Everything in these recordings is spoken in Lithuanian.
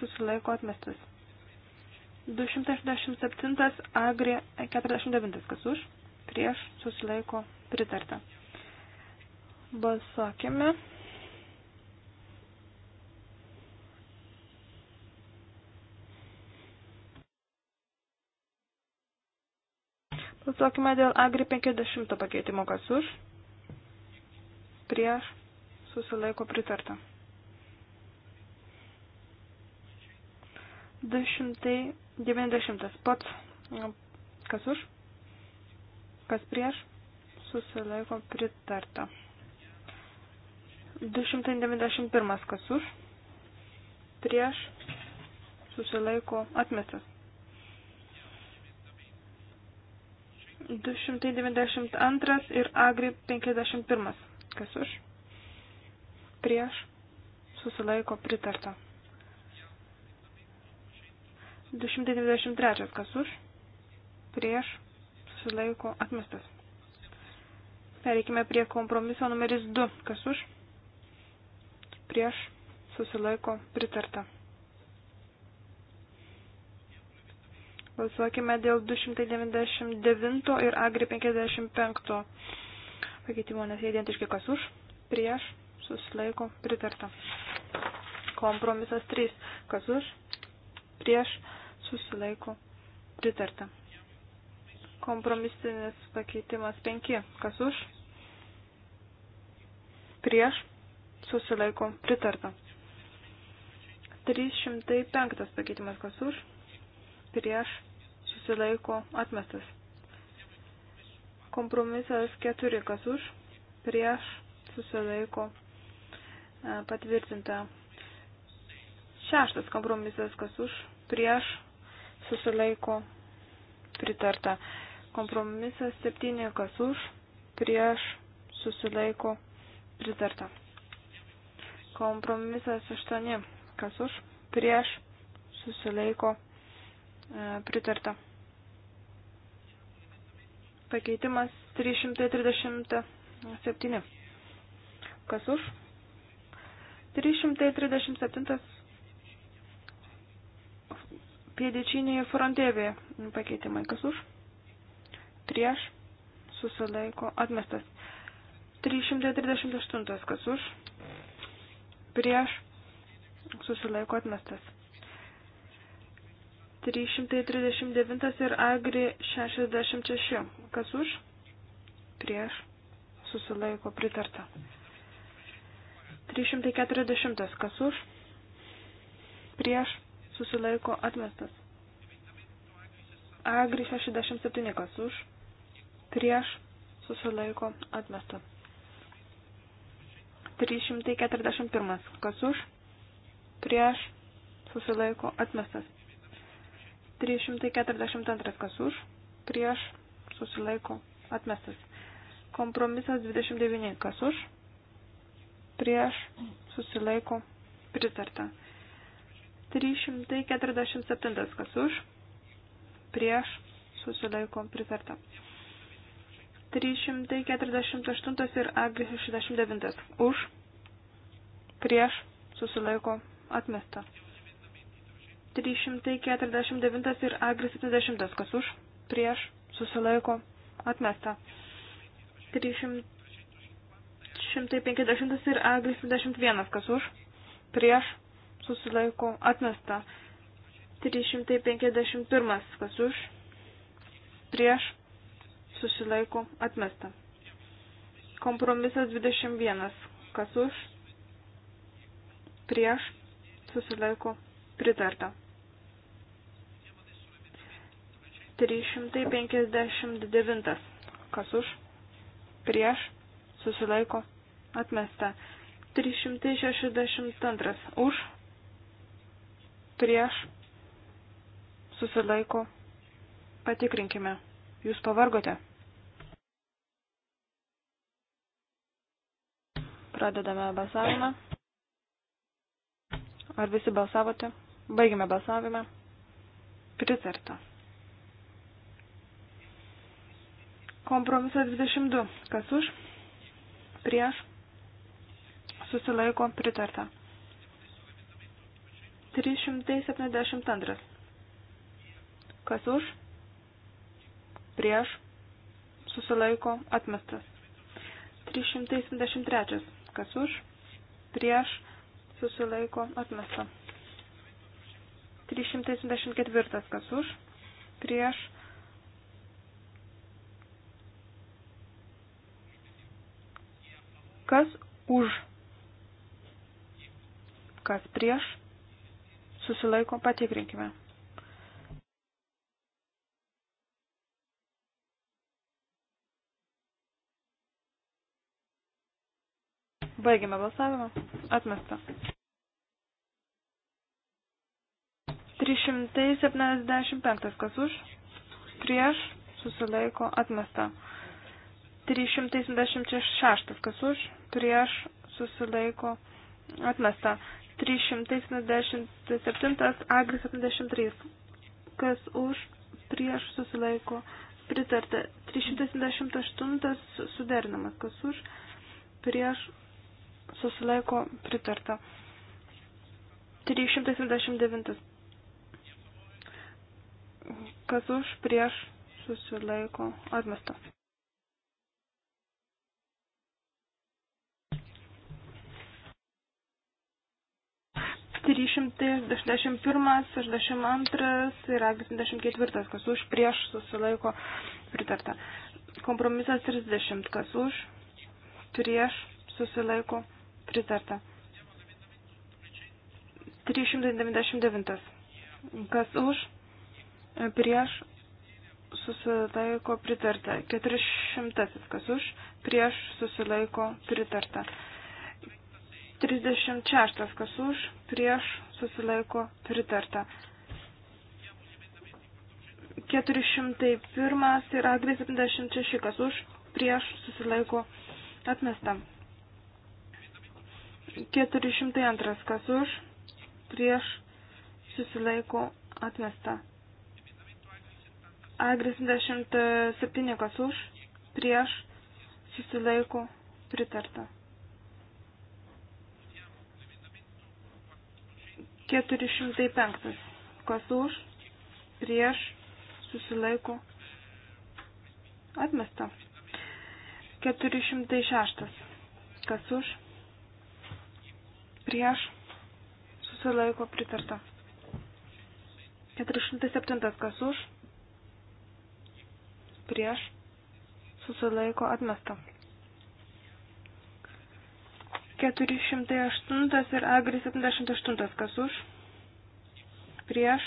susilaiko atmestas. 267 agri 49 kas už, prieš susilaiko pritarta. Balsuokime. Balsuokime dėl agri 50 pakeitimo kas už, prieš susilaiko pritarta. 290 pats, nu, kas už, kas prieš, susilaiko pritarta. 291 kas už, prieš, susilaiko atmestas. 292 ir Agri 51. Kas už? Prieš. Susilaiko pritarta. 293. Kas už? Prieš. Susilaiko. Atmestas. Pereikime prie kompromiso numeris 2. Kas už? Prieš. Susilaiko. Pritarta. Balsuokime dėl 299 ir agri 55 pakeitimo, nes jie identiški kas už, prieš, susilaiko, pritarta. Kompromisas 3. Kas už, prieš, susilaiko pritarta. Kompromisinis pakeitimas 5. Kas už? Prieš susilaiko pritarta. 305 pakeitimas kas už? Prieš susilaiko atmestas. Kompromisas 4 kas už? Prieš susilaiko e, patvirtinta. Šeštas kompromisas kas už? Prieš susilaiko pritarta. Kompromisas 7, kas už, prieš, susilaiko pritarta. Kompromisas 8, kas už, prieš, susilaiko e, pritarta. Pakeitimas 337. Kas už? 337 Piedečiniai frontėvė pakeitimai. Kas už? Prieš. Susilaiko. Atmestas. 338. Kas už? Prieš. Susilaiko. Atmestas. 339 ir Agri 66. Kas už? Prieš. Susilaiko. Pritarta. 340. Kas už? Prieš susilaiko atmestas. Agri 67 kas už, prieš susilaiko atmestas. 341 kas už, prieš susilaiko atmestas. 342 kas už, prieš susilaiko atmestas. Kompromisas 29 kas už, prieš susilaiko pritarta. 347 kas už, prieš susilaiko pritarta. 348 ir AG 69 už, prieš susilaiko atmesta. 349 ir AG 70 kas už, prieš susilaiko atmesta. 300 150 ir A21, kas už, prieš, susilaiko atmesta. 351 kas už, prieš, susilaiko atmesta. Kompromisas 21 kas už, prieš, susilaiko pritarta. 359 kas už, prieš, susilaiko atmesta. 362 už, prieš, susilaiko, patikrinkime, jūs pavargote. Pradedame balsavimą. Ar visi balsavote? Baigime balsavimą. Pritarta. Kompromisas 22. Kas už? Prieš? Susilaiko pritarta. 372. Kas už? Prieš. Susilaiko. Atmestas. 373. Kas už? Prieš. Susilaiko. Atmesta. 374. Kas už? Prieš. Kas už? Kas prieš? susilaiko, patikrinkime. Baigime balsavimą. Atmesta. 375 kas už, prieš, susilaiko, atmesta. 376 kas už, prieš, susilaiko, atmesta. 377 agri 73. Kas už prieš susilaiko pritarta. 378 suderinamas. Kas už prieš susilaiko pritarta. 379. Kas už prieš susilaiko atmesta. 361, 62 ir 24, kas už, prieš susilaiko pritarta. Kompromisas 30, kas už, prieš susilaiko pritarta. 399, kas už, prieš susilaiko pritarta. 400, kas už, prieš susilaiko pritarta. 36. Kas už, prieš, susilaiko, pritarta. 401 ir agri 76. Kas už, prieš, susilaiko, atmesta. 402. Kas už, prieš, susilaiko, atmesta. Agri 77. Kas už, prieš, susilaiko, pritarta. 405. Kas už, prieš, susilaiko, atmesta. 406. Kas už, prieš, susilaiko, pritarta. 407. Kas už, prieš, susilaiko, atmesta. 408 ir Agri 78, kas už, prieš,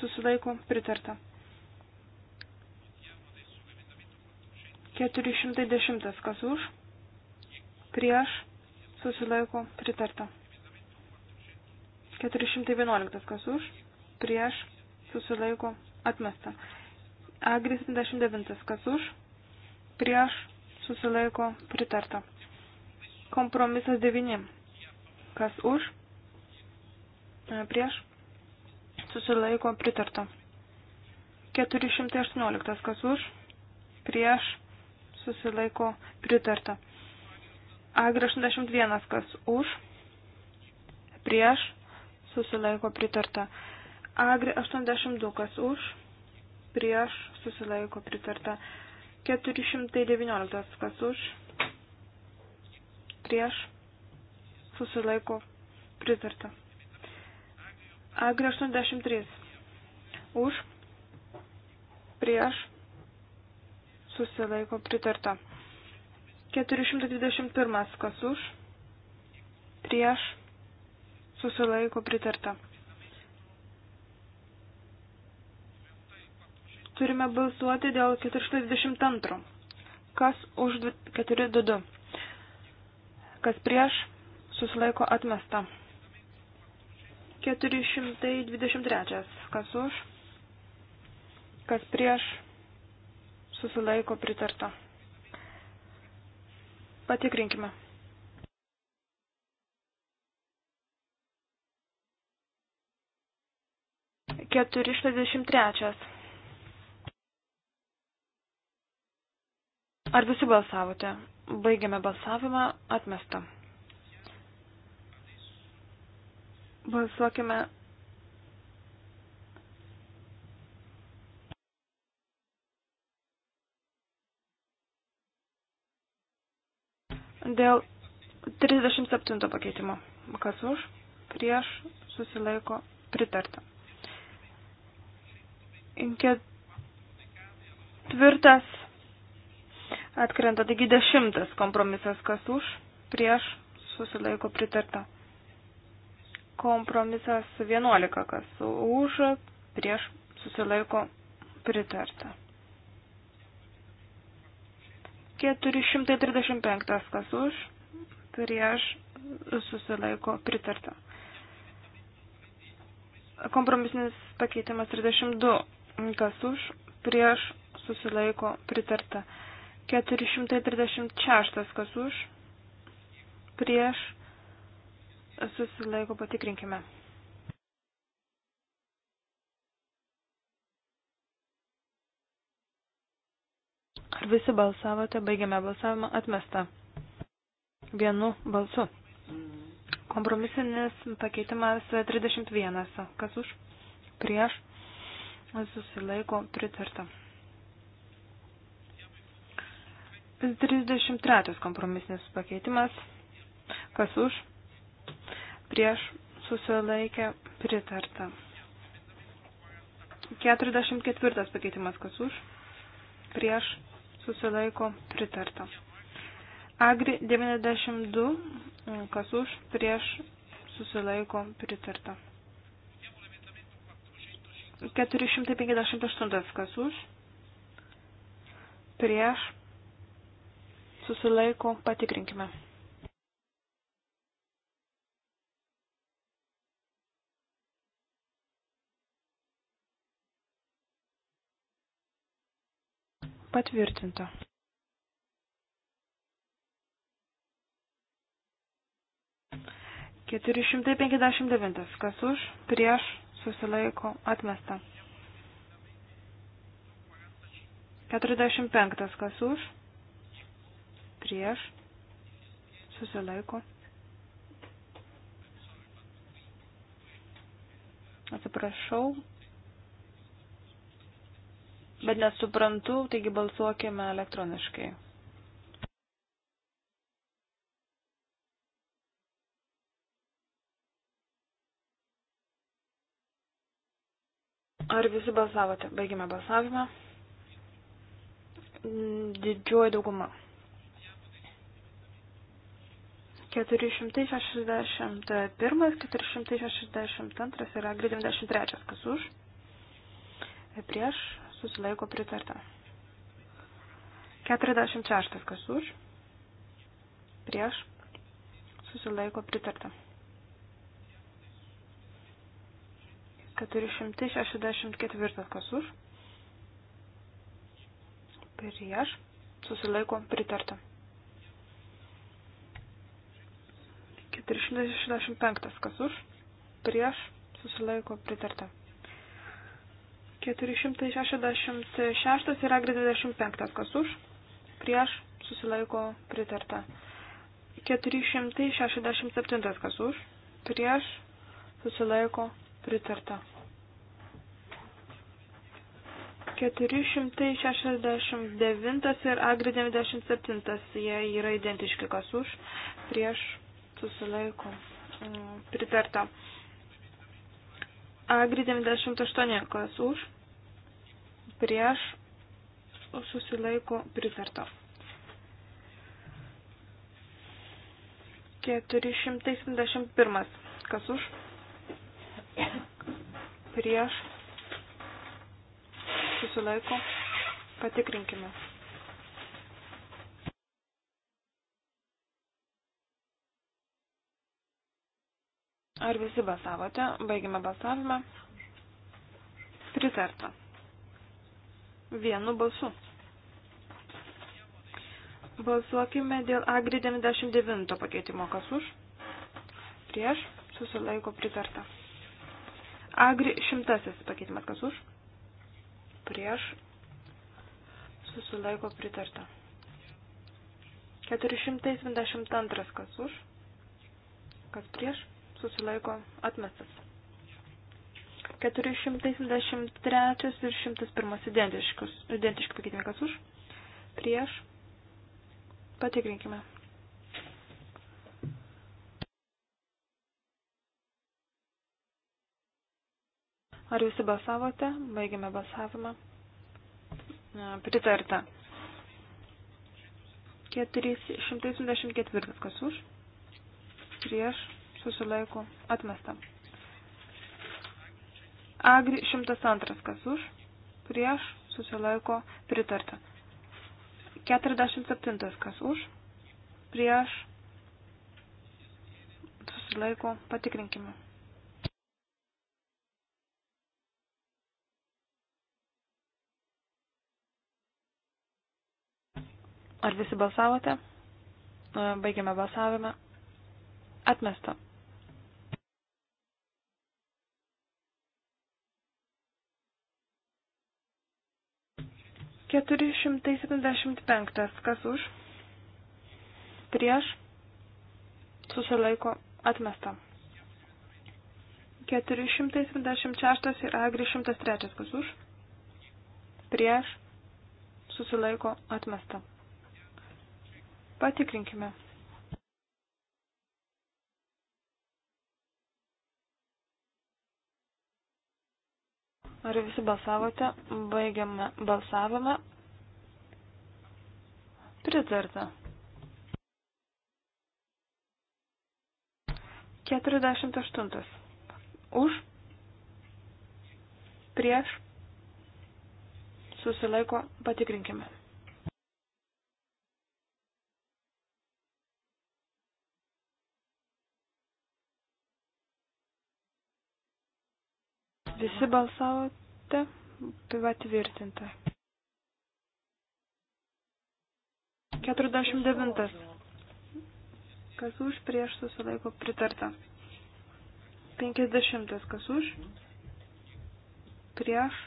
susilaiko, pritarta. 410, kas už, prieš, susilaiko, pritarta. 411, kas už, prieš, susilaiko, atmesta. Agri 79, kas už, prieš, susilaiko, pritarta. Kompromisas 9. E, Kas už? Prieš? Susilaiko pritarta. 418. Kas už? Prieš? Susilaiko pritarta. A81. Kas už? Prieš? Susilaiko pritarta. A82. Kas už? Prieš? Susilaiko pritarta. 419. Kas už? prieš susilaiko pritarta. Agri 83 už prieš susilaiko pritarta. 421 kas už prieš susilaiko pritarta. Turime balsuoti dėl 422. Kas už 422? kas prieš, susilaiko atmesta. 423, kas už, kas prieš, susilaiko pritarta. Patikrinkime. Keturi šešdešimt trečias. Ar visi balsavote? Baigiame balsavimą. Atmesta. Balsuokime. Dėl 37 pakeitimo. Kas už? Prieš susilaiko pritarta. Ketvirtas atkrenta. Taigi dešimtas kompromisas, kas už, prieš, susilaiko pritarta. Kompromisas 11, kas už, prieš, susilaiko pritarta. 435, kas už, prieš, susilaiko pritarta. Kompromisinis pakeitimas 32, kas už, prieš, susilaiko pritarta. 436 kas už, prieš, susilaiko patikrinkime. Ar visi balsavote, baigiame balsavimą, atmesta. Vienu balsu. Kompromisinis pakeitimas 31. Kas už? Prieš. Susilaiko pritarta. 33 kompromisinis pakeitimas. Kas už? Prieš susilaikė pritarta. 44 pakeitimas. Kas už? Prieš susilaiko pritarta. Agri 92. Kas už? Prieš susilaiko pritarta. 458. Kas už? Prieš susilaiko, patikrinkime. Patvirtinta. Keturi šimtai penkiasdešimt devintas. Kas už, prieš, susilaiko, atmesta. Keturiasdešimt penktas. Kas už, prieš, susilaiko. Atsiprašau, bet nesuprantu, taigi balsuokime elektroniškai. Ar visi balsavote? Baigime balsavimą. Didžioji dauguma. 461, 462 ir agri 93, kas už, prieš, susilaiko pritarta. 46, kas už, prieš, susilaiko pritarta. 464, kas už, prieš, susilaiko pritarta. 465. Kas už? Prieš susilaiko pritarta. 466 ir agri 25. Kas už? Prieš susilaiko pritarta. 467. Kas už? Prieš susilaiko pritarta. 469 ir agri 97. Jie yra identiški. Kas už? Prieš susilaiko e, pritarta. Agri 98, kas už, prieš, susilaiko pritarta. 471, kas už, prieš, susilaiko, patikrinkime. Ar visi balsavote? Baigime balsavimą. Pritarta. Vienu balsu. Balsuokime dėl Agri 99 pakeitimo. Kas už? Prieš. Susilaiko pritarta. Agri 100 pakeitimas. Kas už? Prieš. Susilaiko pritarta. 472 kas už? Kas prieš? susilaiko atmestas. 473 ir 101 identiškus, identiški pakeitimai kas už, prieš, patikrinkime. Ar visi balsavote? Baigiame balsavimą. Pritarta. 474 kas už, prieš, susilaiko atmesta. Agri 102 kas už, prieš susilaiko pritarta. 47 kas už, prieš susilaiko patikrinkime. Ar visi balsavote? E, baigiame balsavimą. Atmesta. 475. Kas už? Prieš? Susilaiko atmesta. 476 ir agri 103. Kas už? Prieš? Susilaiko atmesta. Patikrinkime. Ar visi balsavote? Baigiame balsavimą. Pritarta. 48. Už. Prieš. Susilaiko. Patikrinkime. Visi balsavote patvirtinta. Tai 49. Kas už prieš susilaiko pritarta. 50. Kas už prieš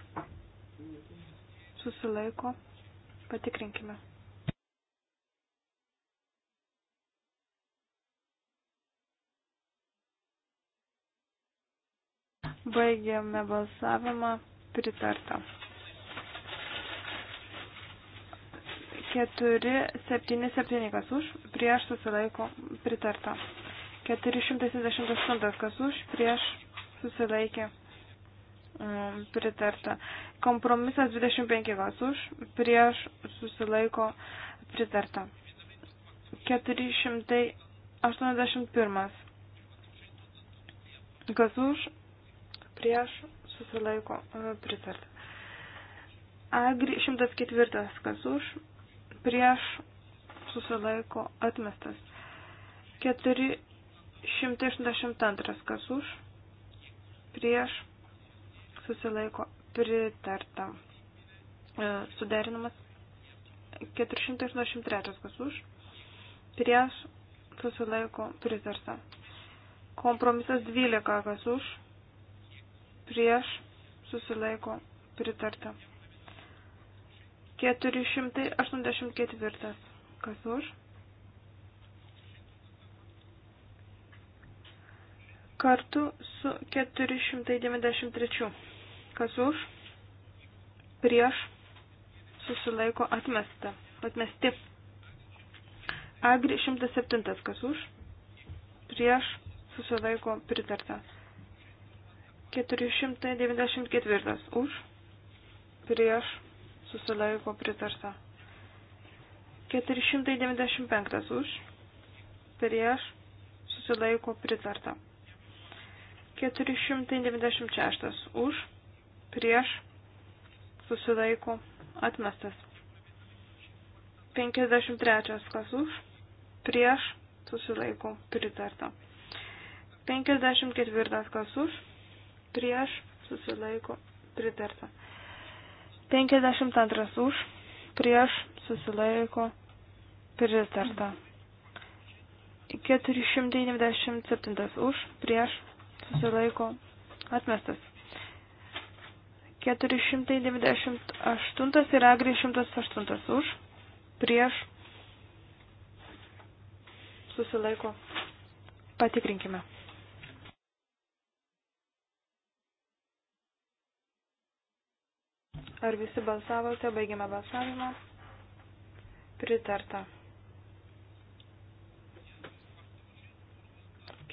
susilaiko patikrinkime. Baigiame balsavimą. Pritarta. 4, 7, 7, kas už, prieš susilaiko pritarta. 468, kas už, prieš susilaikė mm, pritarta. Kompromisas 25, kas už, prieš susilaiko pritarta. 481, kas už, prieš susilaiko e, pritarta. Agri 104 kas už prieš susilaiko atmestas. 482 kas už prieš susilaiko pritarta. E, suderinamas 483 kas už prieš susilaiko pritarta. Kompromisas 12 kas už prieš susilaiko pritarta. 484. Kas už? Kartu su 493. Kas už? Prieš susilaiko atmesta. Atmesti. Agri 107. Kas už? Prieš susilaiko pritartas. 494 už, prieš, susilaiko pritarta. 495 už, prieš, susilaiko pritarta. 496 už, prieš, susilaiko atmestas. 53 kas už, prieš, susilaiko pritarta. 54 kas už, prieš, susilaiko, pritarta. 52 už, prieš, susilaiko, pritarta. 497 už, prieš, susilaiko, atmestas. 498 yra 308 už, prieš, susilaiko. Patikrinkime. Ar visi balsavote? Baigiame balsavimą. Pritarta.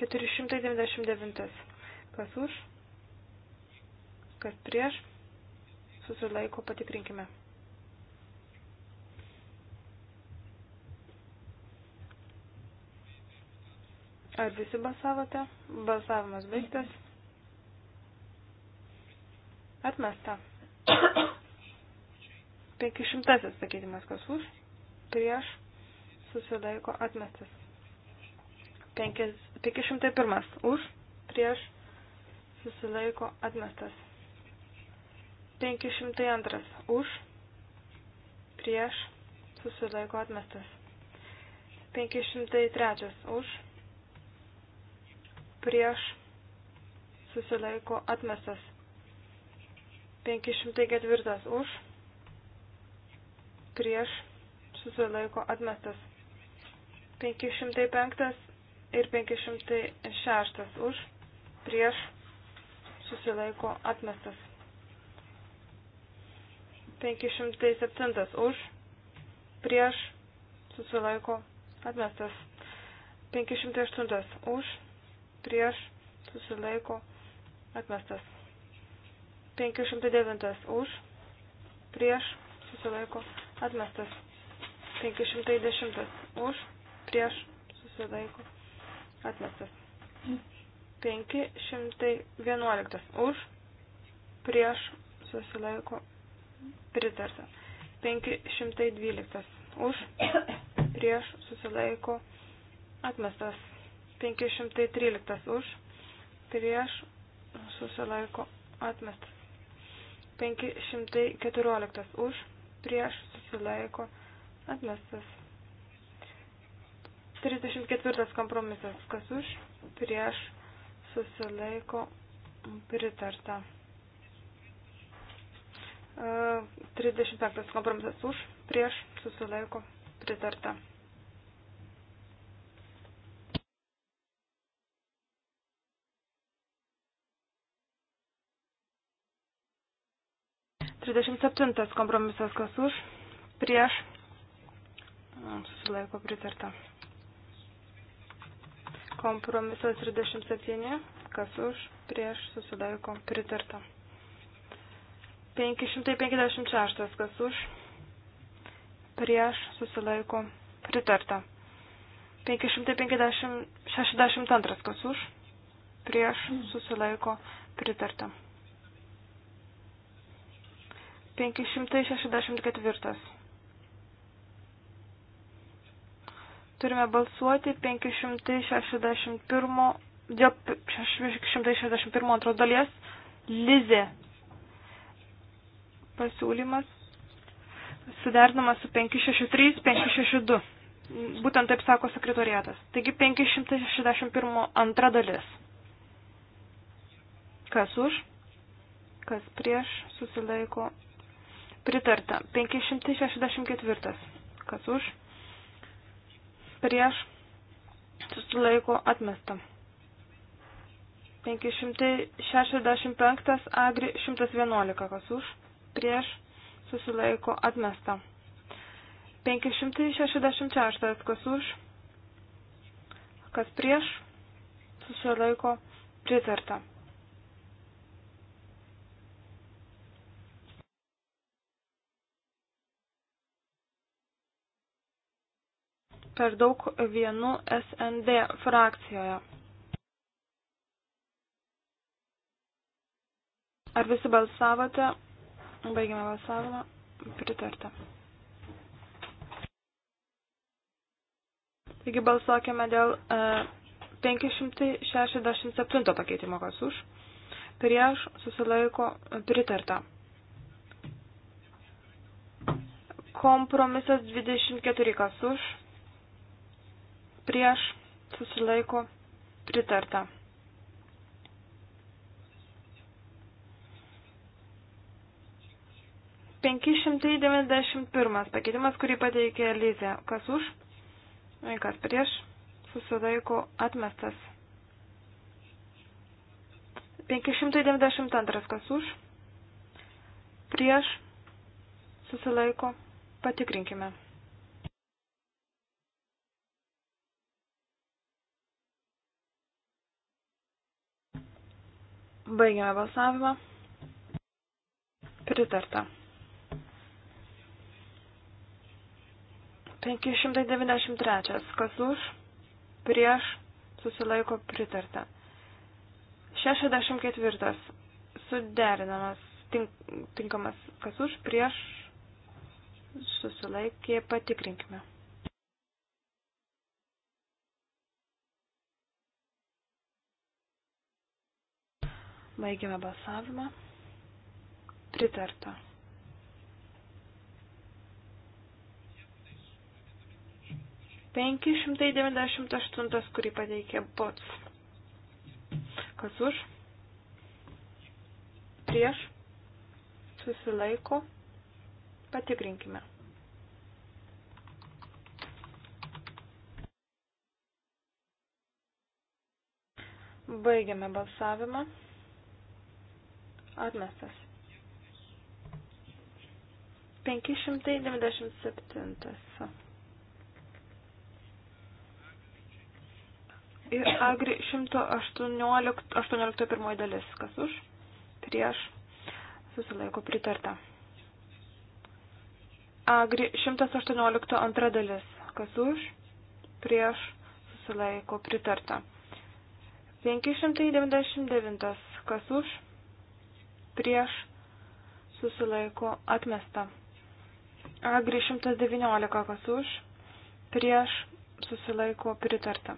499. Kas už? Kas prieš? Susilaiko patikrinkime. Ar visi balsavote? Balsavimas baigtas. Atmesta. 500 pakeitimas kas už, prieš, susilaiko atmestas. 501 už, prieš, susilaiko atmestas. 502 už, prieš, susilaiko atmestas. 503 už, prieš, susilaiko atmestas. 504 už, prieš susilaiko atmestas. 505 ir 506 už prieš susilaiko atmestas. 507 už prieš susilaiko atmestas. 508 už prieš susilaiko atmestas. 509 už prieš susilaiko atmestas. Atmestas. 510. Už, prieš, susilaiko. Atmestas. 511. Už, prieš, susilaiko. Pritarta. 512. Už, prieš, susilaiko. Atmestas. 513. Už, prieš, susilaiko. Atmestas. 514. Už, prieš, susilaiko atmestas. 34 kompromisas. Kas už, prieš, susilaiko pritarta. 35 e, kompromisas už, prieš, susilaiko pritarta. Trisdešimt septintas kompromisas kas už, prieš, susilaiko pritarta. Kompromisas 37, kas už, prieš, susilaiko pritarta. 556, kas už, prieš, susilaiko pritarta. 562, kas už, prieš, susilaiko pritarta. 564. Turime balsuoti 561, dėl 661 antros dalies Lizė pasiūlymas suderinamas su 563, 562. Būtent taip sako sekretoriatas. Taigi 561 antra dalis. Kas už, kas prieš, susilaiko. Pritarta. 564. Kas už, prieš susilaiko atmesta. 565 agri 111 kas už prieš susilaiko atmesta. 566 kas už kas prieš susilaiko pritarta. per daug vienu SND frakcijoje. Ar visi balsavote? Baigiame balsavimą. Pritarta. Taigi balsuokime dėl e, 567 pakeitimo, kas už. Prieš susilaiko pritarta. Kompromisas 24, kas už prieš, susilaiko, pritarta. Penki šimtai devyniasdešimt pirmas pakeitimas, kurį pateikė Lizė. Kas už? Kas prieš? Susilaiko atmestas. 592. Kas už? Prieš? Susilaiko. Patikrinkime. Baigiame balsavimą. Pritarta. 593. Kas už, prieš, susilaiko pritarta. 64. Suderinamas, tink, tinkamas, kas už, prieš, susilaikė, patikrinkime. Baigiame balsavimą. Pritarta. Penki šimtai devyniasdešimt aštuntas, kurį pateikė bots. Kas už? Prieš? Susilaiko? Patikrinkime. Baigiame balsavimą. Atmestas. 597. Ir agri 118, 18 pirmoji dalis. Kas už? Prieš. Susilaiko pritarta. Agri 118 antra dalis. Kas už? Prieš. Susilaiko pritarta. 599. Kas už? prieš susilaiko atmesta. Agri 119 kas už, prieš susilaiko pritarta.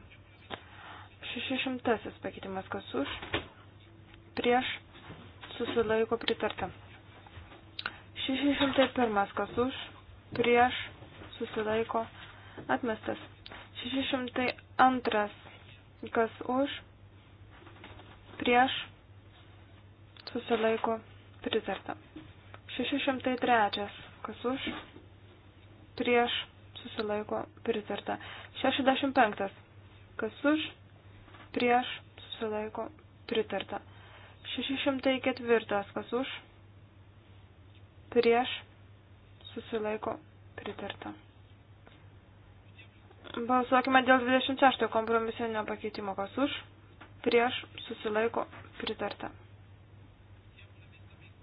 600 pakeitimas kas už, prieš susilaiko pritarta. 601 kas už, prieš susilaiko atmestas. 602 kas už, prieš susilaiko pritarta. 603. Kas už, prieš, susilaiko pritarta. 65. Kas už, prieš, susilaiko pritarta. 604. Kas už, prieš, susilaiko pritarta. Balsuokime dėl 26 kompromisinio pakeitimo. Kas už, prieš, susilaiko pritarta.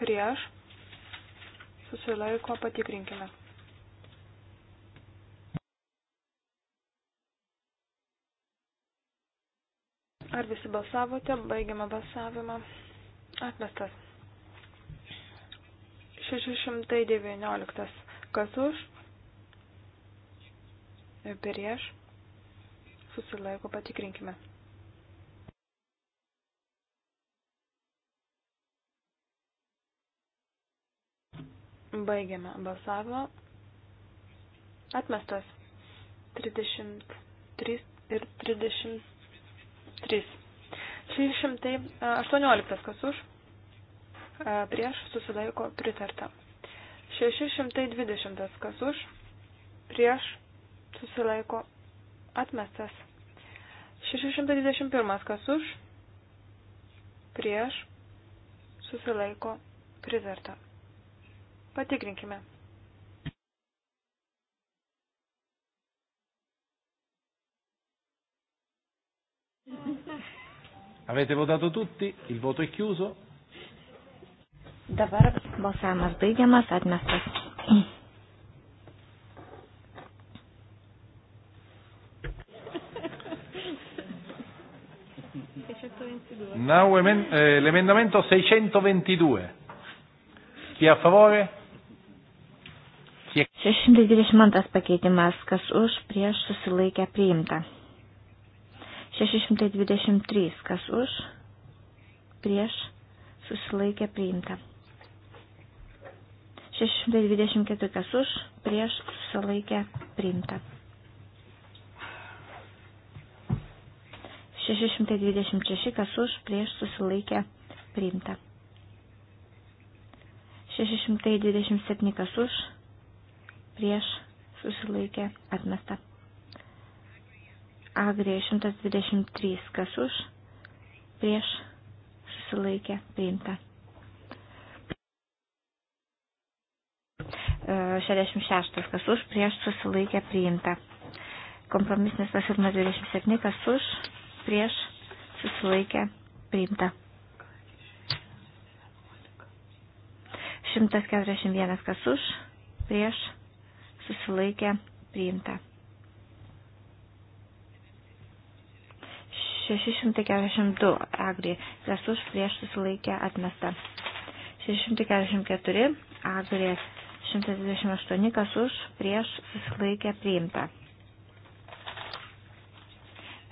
prieš, susilaiko patikrinkime. Ar visi balsavote? Baigiame balsavimą. Atmestas. 619. Kas už? Prieš. Susilaiko patikrinkime. Baigiame balsavimą. Atmestas 33 ir 33. 618 kas už, prieš susilaiko pritarta. 620 kas už, prieš susilaiko atmestas. 621 kas už, prieš susilaiko pritarta. Patikrinkime. Avete votato tutti? Il voto è chiuso? Dabar balsavimas baigiamas, atmestas. Now, emend- eh, l'emendamento 622. Chi è a favore? kiek. 622 pakeitimas, kas už, prieš susilaikę priimta. 623, kas už, prieš susilaikę priimta. 624, kas už, prieš susilaikę priimta. 626, kas už, prieš susilaikę priimta. 627, kas už, prieš susilaikė atmesta. Agrė 123, kas už, prieš susilaikė priimta. 66, e, kas už, prieš susilaikė priimta. Kompromisinis pasiūlymas 27, kas už, prieš susilaikė priimta. 141, kas už, prieš susilaikė priimta. 642 agri, kas už prieš susilaikė atmesta. 644 agri, 128 kas už prieš susilaikė priimta.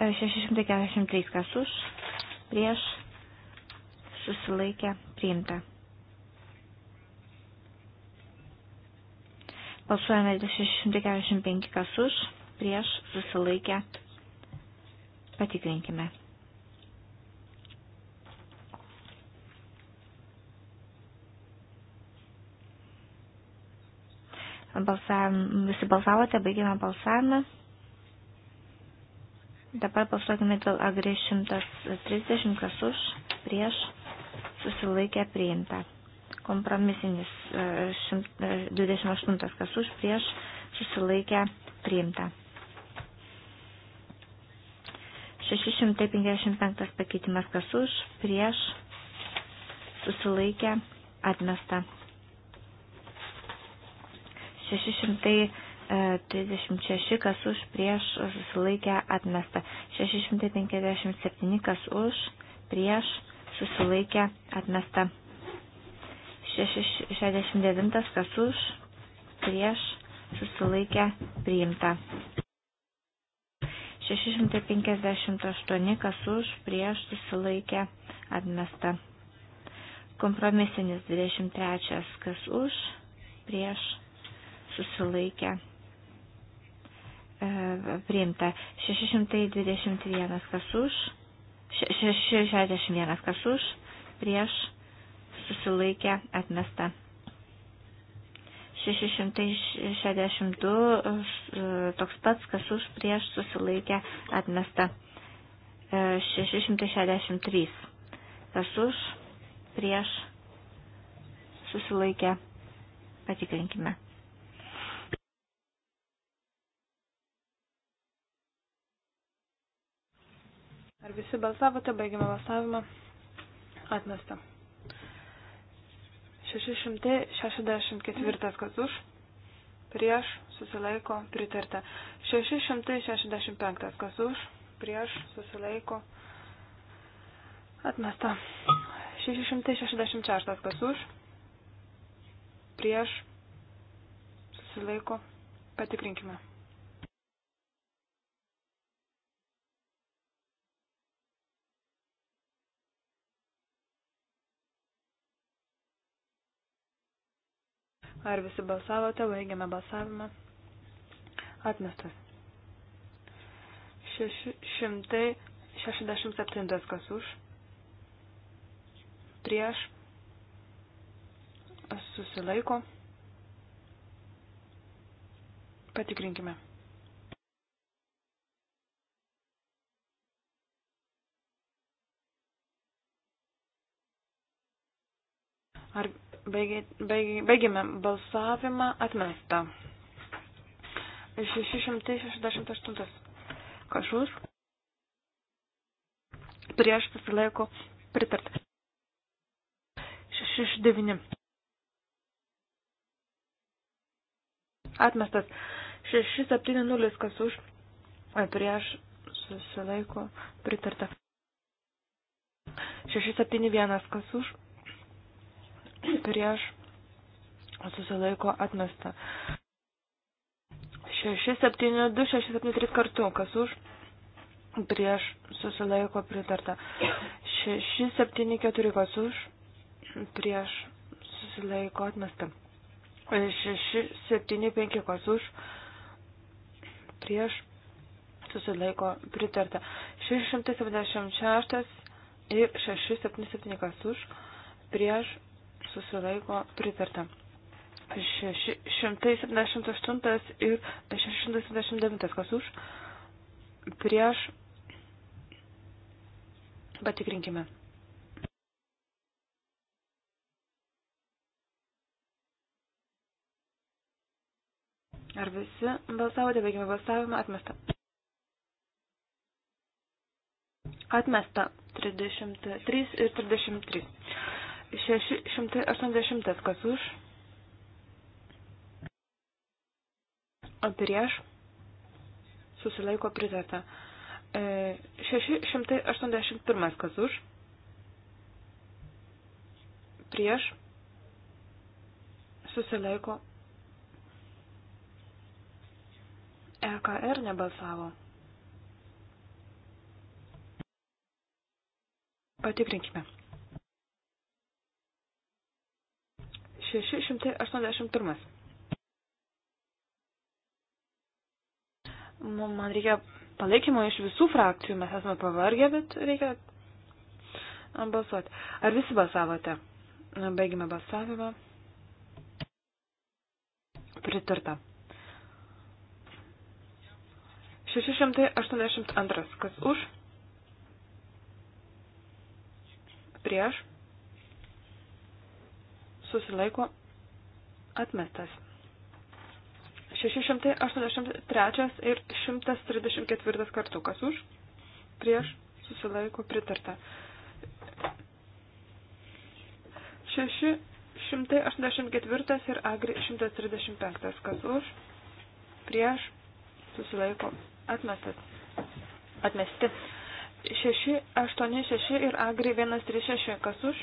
643 kas už prieš susilaikė priimta. Balsuojame 645 kas už, prieš susilaikę. Patikrinkime. Balsavim, visi balsavote, baigėme balsavimą. Dabar balsuokime dėl agri 130 kas už, prieš susilaikę priimta. Kompromisinis 28 e, e, kas už prieš susilaikę priimta. 655 pakeitimas kas už prieš susilaikę atmesta. 636 e, kas už prieš susilaikę atmesta. 657 kas už prieš susilaikę atmesta. 69 kas už, prieš, susilaikę, priimta. 658 kas už, prieš, susilaikę, atmesta. Kompromisinis 23 kas už, prieš, susilaikę, e, priimta. 621 kas už, 661 kas už, prieš, susilaikė atmesta. 662 e, toks pats, kas už prieš susilaikė atmesta. 663 e, kas už prieš susilaikė patikrinkime. Ar visi balsavote, baigime balsavimą? Atmesta. 664 kas už, prieš, susilaiko, pritarta. 665 kas už, prieš, susilaiko, atmesta. 666 kas už, prieš, susilaiko, patikrinkime. Ar visi balsavote? Baigiame balsavimą. Atmestas. 667 kas už. Prieš. Susilaiko. Patikrinkime. Ar Baigėme balsavimą atmestą. 668. Kas už? Prieš pasilaiko pritarta. 669. Atmestas. 670. Kas už? Prieš susilaiko pritarta. 671. Kas už? prieš susilaiko atmesta. 6, 7, 2, 6, 7, 3 kartu, kas už prieš susilaiko pritarta. 6, 7, 4 kas už prieš susilaiko atmesta. 6, 7, 5 kas už prieš susilaiko pritarta. 676 ir 677 kas už prieš susilaiko pritarta. 678 ir 679 kas už prieš patikrinkime. Ar visi balsavote, baigime balsavimą, atmesta. Atmesta 33 ir 33. 680 kas už. O prieš susilaiko pritarta. 681 e, kas už. Prieš susilaiko. EKR er nebalsavo. Patikrinkime. 681. Man reikia palaikymo iš visų frakcijų, mes esame pavargę, bet reikia balsuoti. Ar visi balsavote? Baigime balsavimą. Pritarta. 682. Kas už? Prieš? susilaiko atmestas. 683 ir 134 kartu, kas už, prieš, susilaiko pritarta. 684 ir agri 135, kas už, prieš, susilaiko atmestas. Atmesti. 686 ir agri 136, kas už,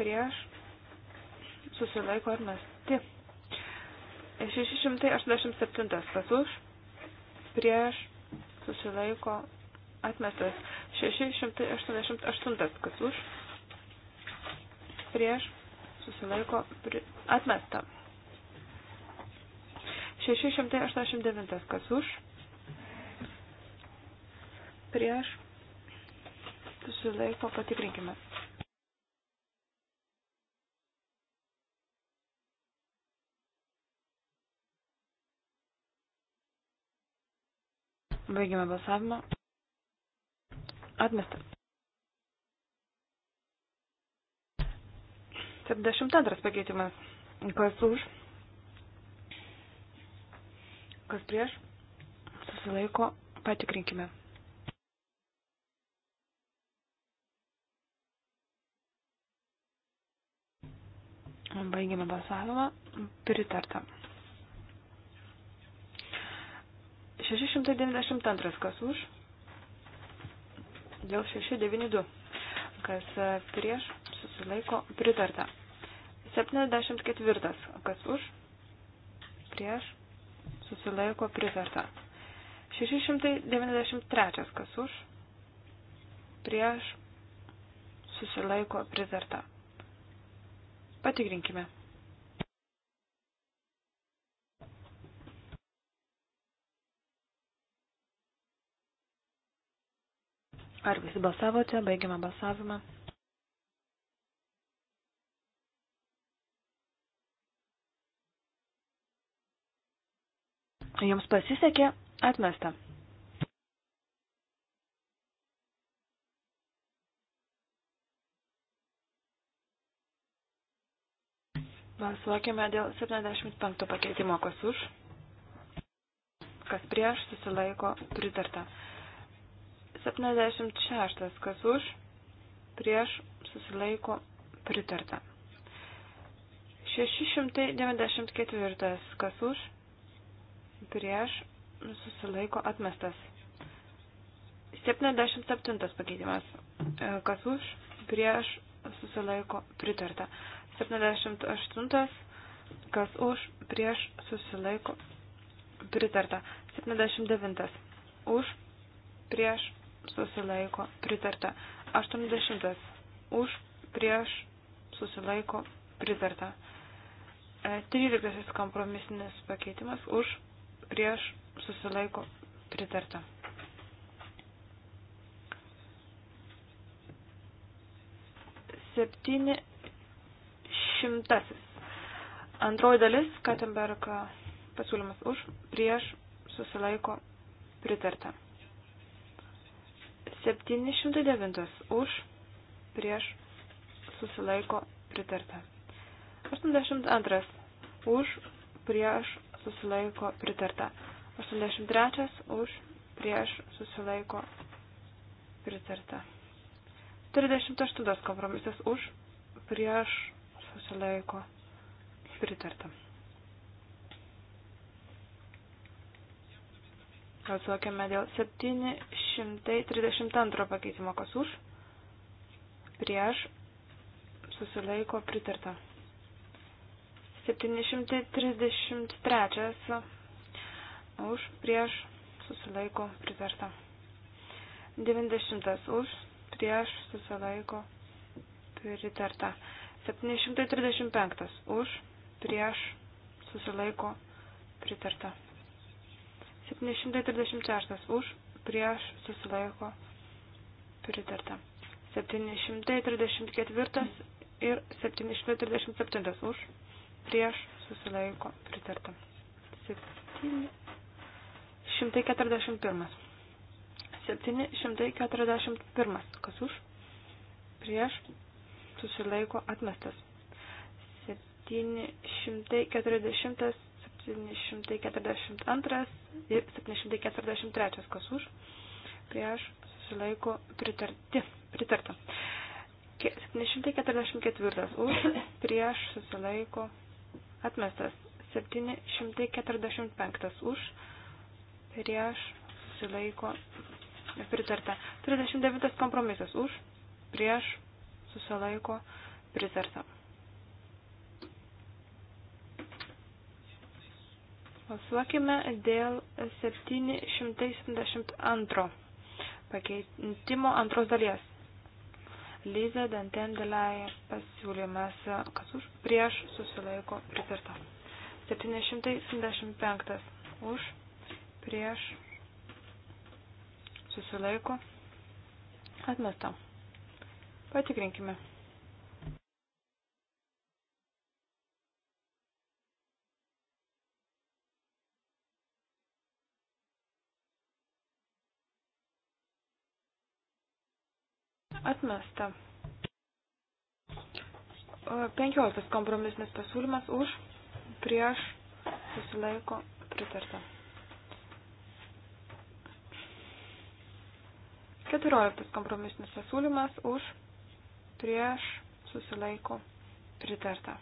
prieš, susilaiko atmesti. 687 kas už, prieš, susilaiko atmestas. 688 kas už, prieš, susilaiko atmesta. 689 kas už, prieš, susilaiko patikrinkime. Baigiame balsavimą. Atmesta. 72 pakeitimas. Kas už? Kas prieš? Susilaiko. Patikrinkime. Baigiame balsavimą. Pritartam. 692 kas už. Dėl 692. Kas e, prieš susilaiko pritarta. 74. Kas už. Prieš susilaiko pritarta. 693. Kas už. Prieš susilaiko pritarta. Patikrinkime. Ar visi balsavote? Baigiame balsavimą. Jums pasisekė atmesta. Balsuokime dėl 75 pakeitimo, kas už, kas prieš, susilaiko, pritarta. 76. Kas už, prieš, susilaiko, pritarta. 694. Kas už, prieš, susilaiko, atmestas. 77. pakeitimas. E, kas už, prieš, susilaiko, pritarta. 78. Kas už, prieš, susilaiko, pritarta. 79. Už, prieš, susilaiko pritarta. 80. Už prieš susilaiko pritarta. 13. E, kompromisinis pakeitimas už prieš susilaiko pritarta. Septyni šimtasis. Antroji dalis, Katenberg pasiūlymas už, prieš, susilaiko, pritarta. 709 už, prieš, susilaiko, pritarta. 82 už, prieš, susilaiko, pritarta. 83 už, prieš, susilaiko, pritarta. 38 kompromisas už, prieš, susilaiko, pritarta. Atsakėme dėl 7, 132 pakeitimo kas už, prieš, susilaiko pritarta. 733 už, prieš, susilaiko pritarta. 90 už, prieš, susilaiko pritarta. 735 už, prieš, susilaiko pritarta. 736 už, prieš susilaiko pritarta. 734 ir 737 už prieš susilaiko pritarta. 741. 741. Kas už? Prieš susilaiko atmestas. 740 742 ir 743, kas už, prieš susilaiko pritarti, pritarta. 744 už, prieš susilaiko atmestas. 745 už, prieš susilaiko pritarta. 39 kompromisas už, prieš susilaiko pritarta. Balsuokime dėl 772 pakeitimo antros dalies. Lyza Dantendelai pasiūlymas, kas už prieš susilaiko pritarta. 775 už prieš susilaiko atmesta. Patikrinkime. Atmesta. 15 kompromisinis pasiūlymas už, prieš, susilaiko, pritarta. 14 kompromisinis pasiūlymas už, prieš, susilaiko, pritarta.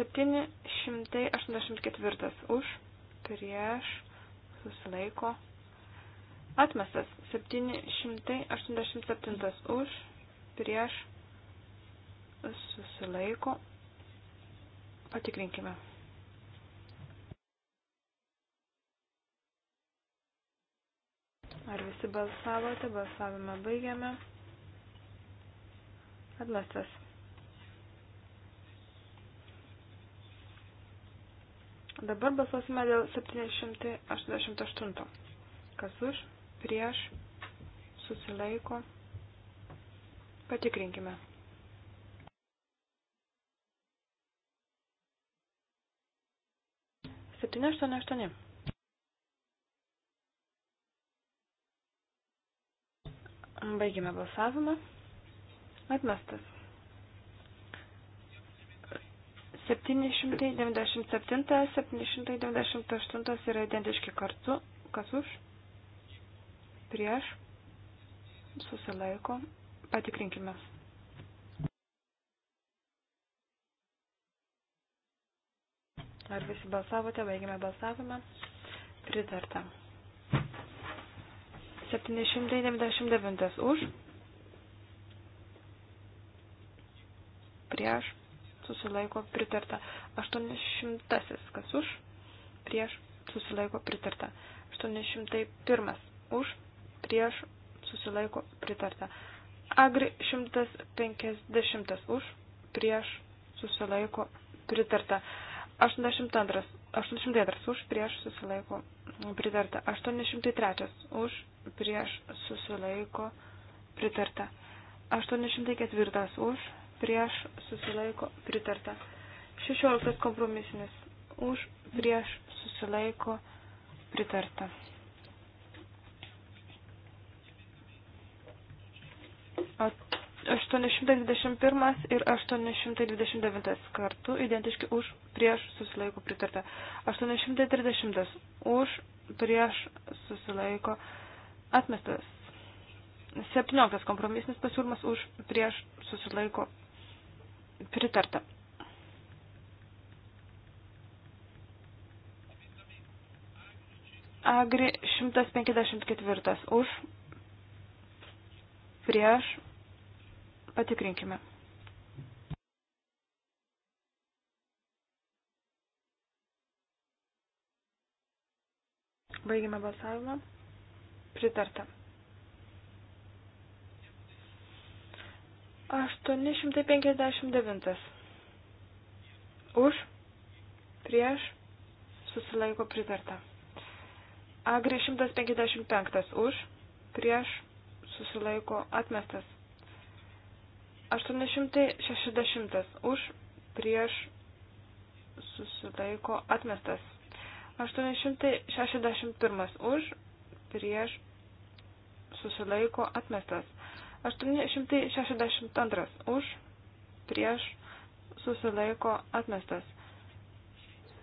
784 už, prieš, susilaiko, pritarta Atmestas 787 už, prieš, susilaiko. Patikrinkime. Ar visi balsavote? Balsavimą baigiame. Atmestas. Dabar balsuosime dėl 788. Kas už? prieš, susilaiko. Patikrinkime. Septyni, aštuoni, aštuoni. Baigime balsavimą. Atmestas. 797, 798 yra identiški kartu. Kas už? prieš, susilaiko, patikrinkime. Ar visi balsavote, baigime balsavimą. Pritarta. 799 už. Prieš. Susilaiko pritarta. 800 kas už. Prieš. Susilaiko pritarta. 801 už prieš susilaiko pritarta. Agri 150 už prieš susilaiko pritarta. 82, 82 už prieš susilaiko pritarta. 803 už prieš susilaiko pritarta. 804 už prieš susilaiko pritarta. 16 kompromisinis už prieš susilaiko pritarta. 821 ir 829 kartu identiški už prieš susilaiko pritarta. 830 už prieš susilaiko atmestas. 17 kompromisinis pasiūlymas už prieš susilaiko pritarta. Agri 154 už prieš Patikrinkime. Baigime balsavimą. Pritarta. 859. Už, prieš, susilaiko pritarta. Agri 155. Už, prieš, susilaiko atmestas. 860 už prieš susilaiko atmestas. 861 už prieš susilaiko atmestas. 862 už prieš susilaiko atmestas.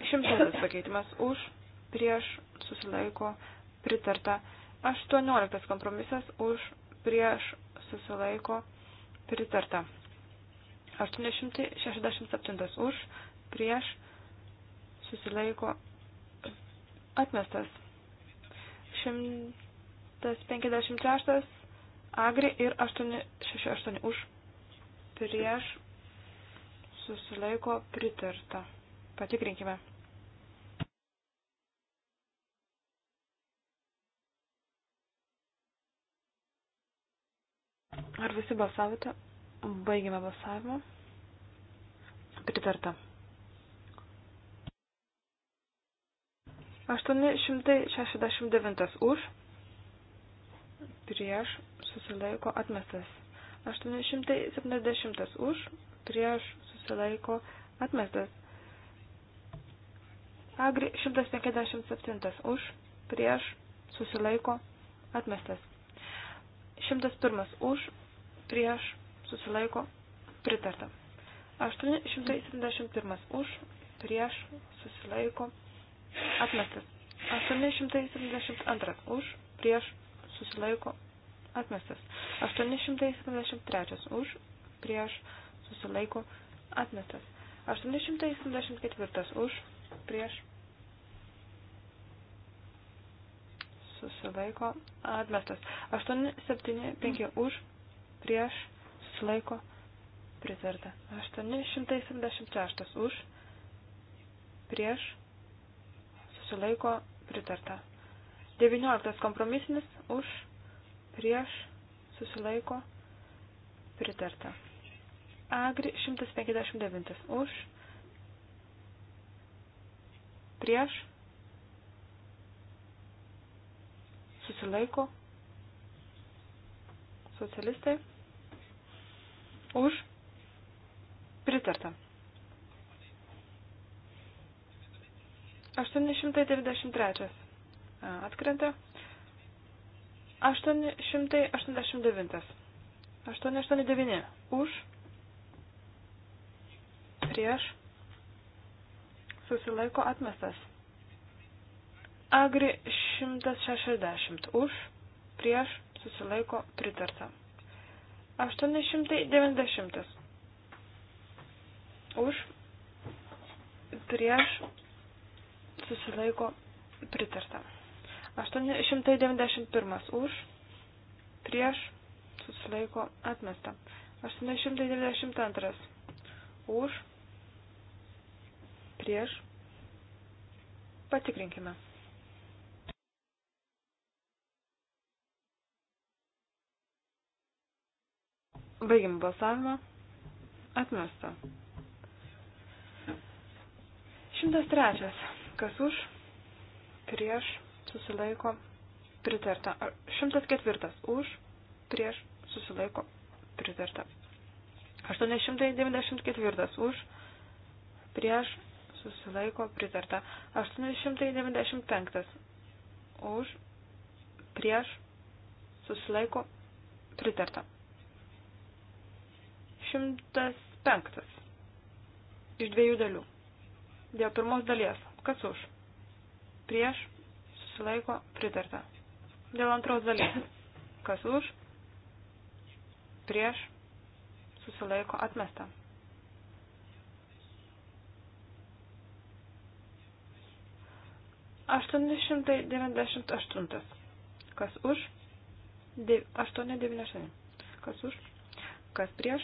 Šimtasis pakeitimas už prieš susilaiko pritarta. 18 kompromisas už prieš susilaiko pritarta. 867 už, prieš, susilaiko, atmestas. 156 agri ir 868 už, prieš, susilaiko, pritarta. Patikrinkime. Ar visi balsavote? Baigime balsavimą. Pritarta. 869 už, prieš, susilaiko atmestas. 870 už, prieš, susilaiko atmestas. Agri 157 už, prieš, susilaiko atmestas. 101 už, prieš, susilaiko, pritarta. 871 už, prieš, susilaiko, atmestas. 872 už, prieš, susilaiko, atmestas. 873 už, prieš, susilaiko, atmestas. 874 už, prieš, susilaiko, atmestas. 875 už, prieš, susilaiko, pritarta. 876 už, prieš, susilaiko, pritarta. 19 kompromisinis už, prieš, susilaiko, pritarta. Agri 159 už, prieš, susilaiko, pritarta socialistai Už. Pritarta. 893. Atkrenta. 889. 889. Už. Prieš. Susilaiko atmestas. Agri 160. Už. Prieš. Susilaiko pritarta. 890. Už, prieš, susilaiko, pritarta. 891. Už, prieš, susilaiko, atmesta. 892. Už, prieš, patikrinkime. Baigim balsavimą. Atmesta. 103. Kas už? Prieš. Susilaiko. Pritarta. 104. Už. Prieš. Susilaiko. Pritarta. 894. Už. Prieš. Susilaiko. Pritarta. 895. Už. Prieš. Susilaiko. Pritarta. 105. Iš dviejų dalių. Dėl pirmos dalies. Kas už? Prieš. Susilaiko. Pritarta. Dėl antros dalies. Kas už? Prieš. Susilaiko. Atmesta. Aštuoni šimtai devyniasdešimt aštuntas. Kas už? 898. Kas už? Kas prieš?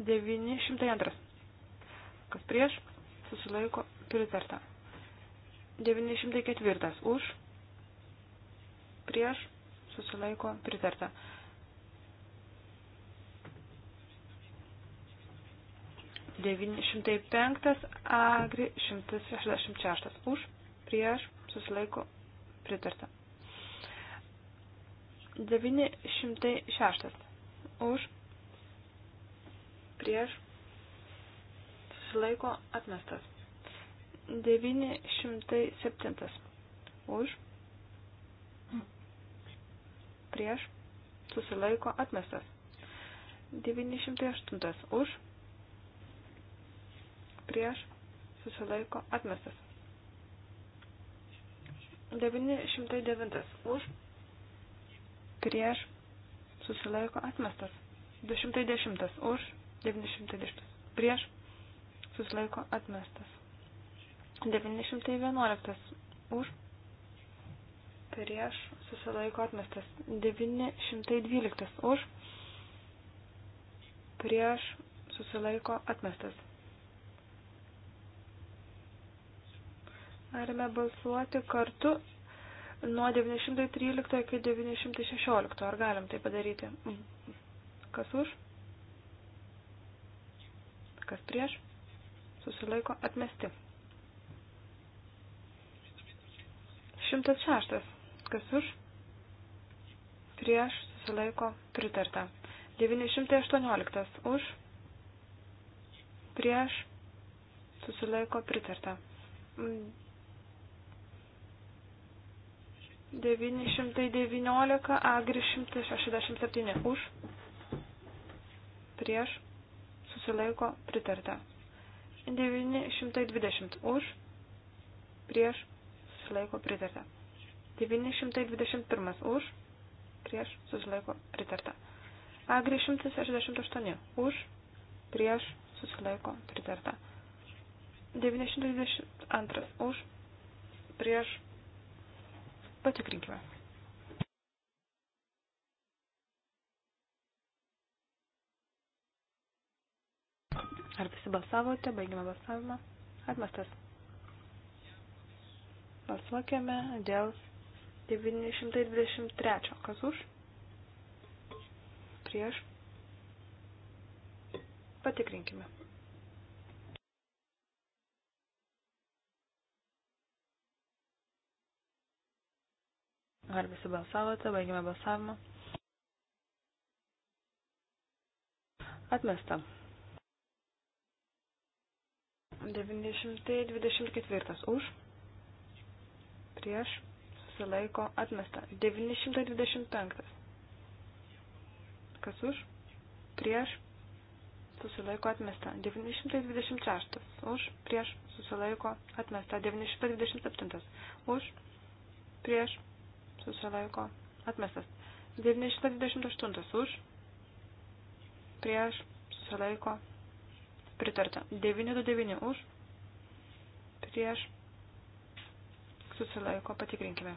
902. Kas prieš, susilaiko pritarta. 904. Už, prieš, susilaiko pritarta. Devynišimtai penktas, agri, šimtas šešdešimt šeštas. Už, prieš, susilaiko, pritarta. Devynišimtai šeštas. Už, prieš susilaiko atmestas. 907 už prieš susilaiko atmestas. 908 už prieš susilaiko atmestas. 909 už prieš susilaiko atmestas. 210 už 910 prieš susilaiko atmestas. 911 už prieš susilaiko atmestas. 912 už prieš susilaiko atmestas. Galime balsuoti kartu nuo 913 iki 916. Ar galim tai padaryti? Kas už? kas prieš, susilaiko atmesti. 106. Kas už, prieš, susilaiko pritarta. 918. Už, prieš, susilaiko pritarta. 919 agri 167 už prieš susilaiko pritarta. 920 už, prieš, susilaiko pritarta. 921 už, prieš, susilaiko pritarta. Agri 168 už, prieš, susilaiko pritarta. 922 už, prieš, patikrinkime. Ar visi balsavote? Baigime balsavimą. Atmestas. Balsuokime dėl 923. Kas už? Prieš. Patikrinkime. Ar visi balsavote? Baigime balsavimą. Atmesta. 924 už, prieš, susilaiko, atmesta. 925. Kas už, prieš, susilaiko, atmesta. 926 už, prieš, susilaiko, atmesta. 927 už, prieš, susilaiko, atmestas. 928 už, prieš, susilaiko, atmesta Pritarta. 929 už. Prieš. Susilaiko. Patikrinkime.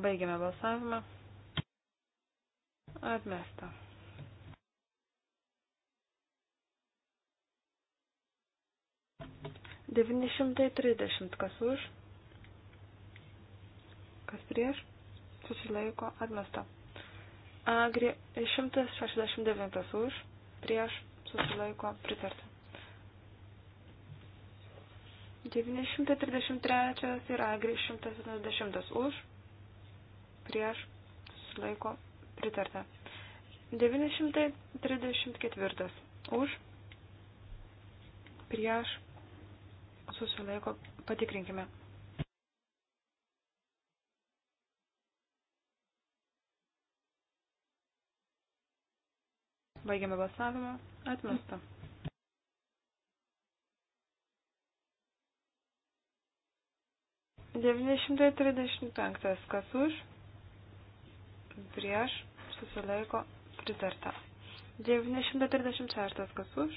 Baigiame balsavimą. Atmesta. Devynišimtai trisdešimt kas už kas prieš, susilaiko atmesta. Agri 169 už, prieš, susilaiko pritarta. 933 ir Agri 170 už, prieš, susilaiko pritarta. 934 už, prieš, susilaiko patikrinkime. Baigiame balsavimą. Atmesta. Devynišimtai trisdešimt penktas. Kas už? Prieš. Susilaiko. Pritarta. Devynišimtai trisdešimt šeštas. Kas už?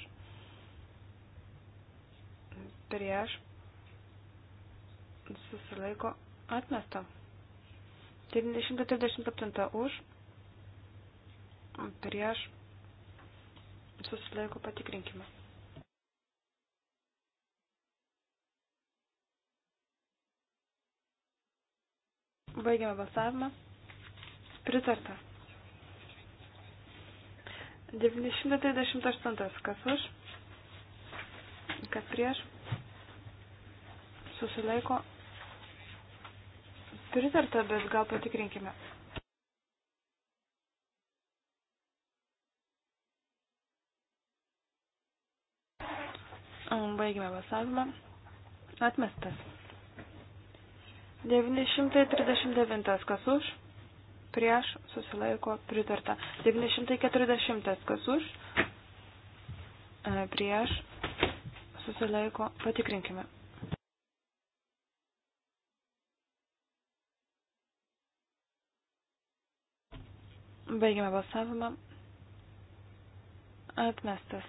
Prieš. Susilaiko. Atmesta. 937 už, prieš susilaiko patikrinkime. Baigiame balsavimą. Pritarta. 938. Kas už? Kas prieš? Susilaiko. Pritarta, bet gal patikrinkime. Mm, baigime balsavimą. Atmestas. 939 kas už, prieš susilaiko pritarta. 940 kas už, e, prieš susilaiko patikrinkime. Baigime balsavimą. Atmestas.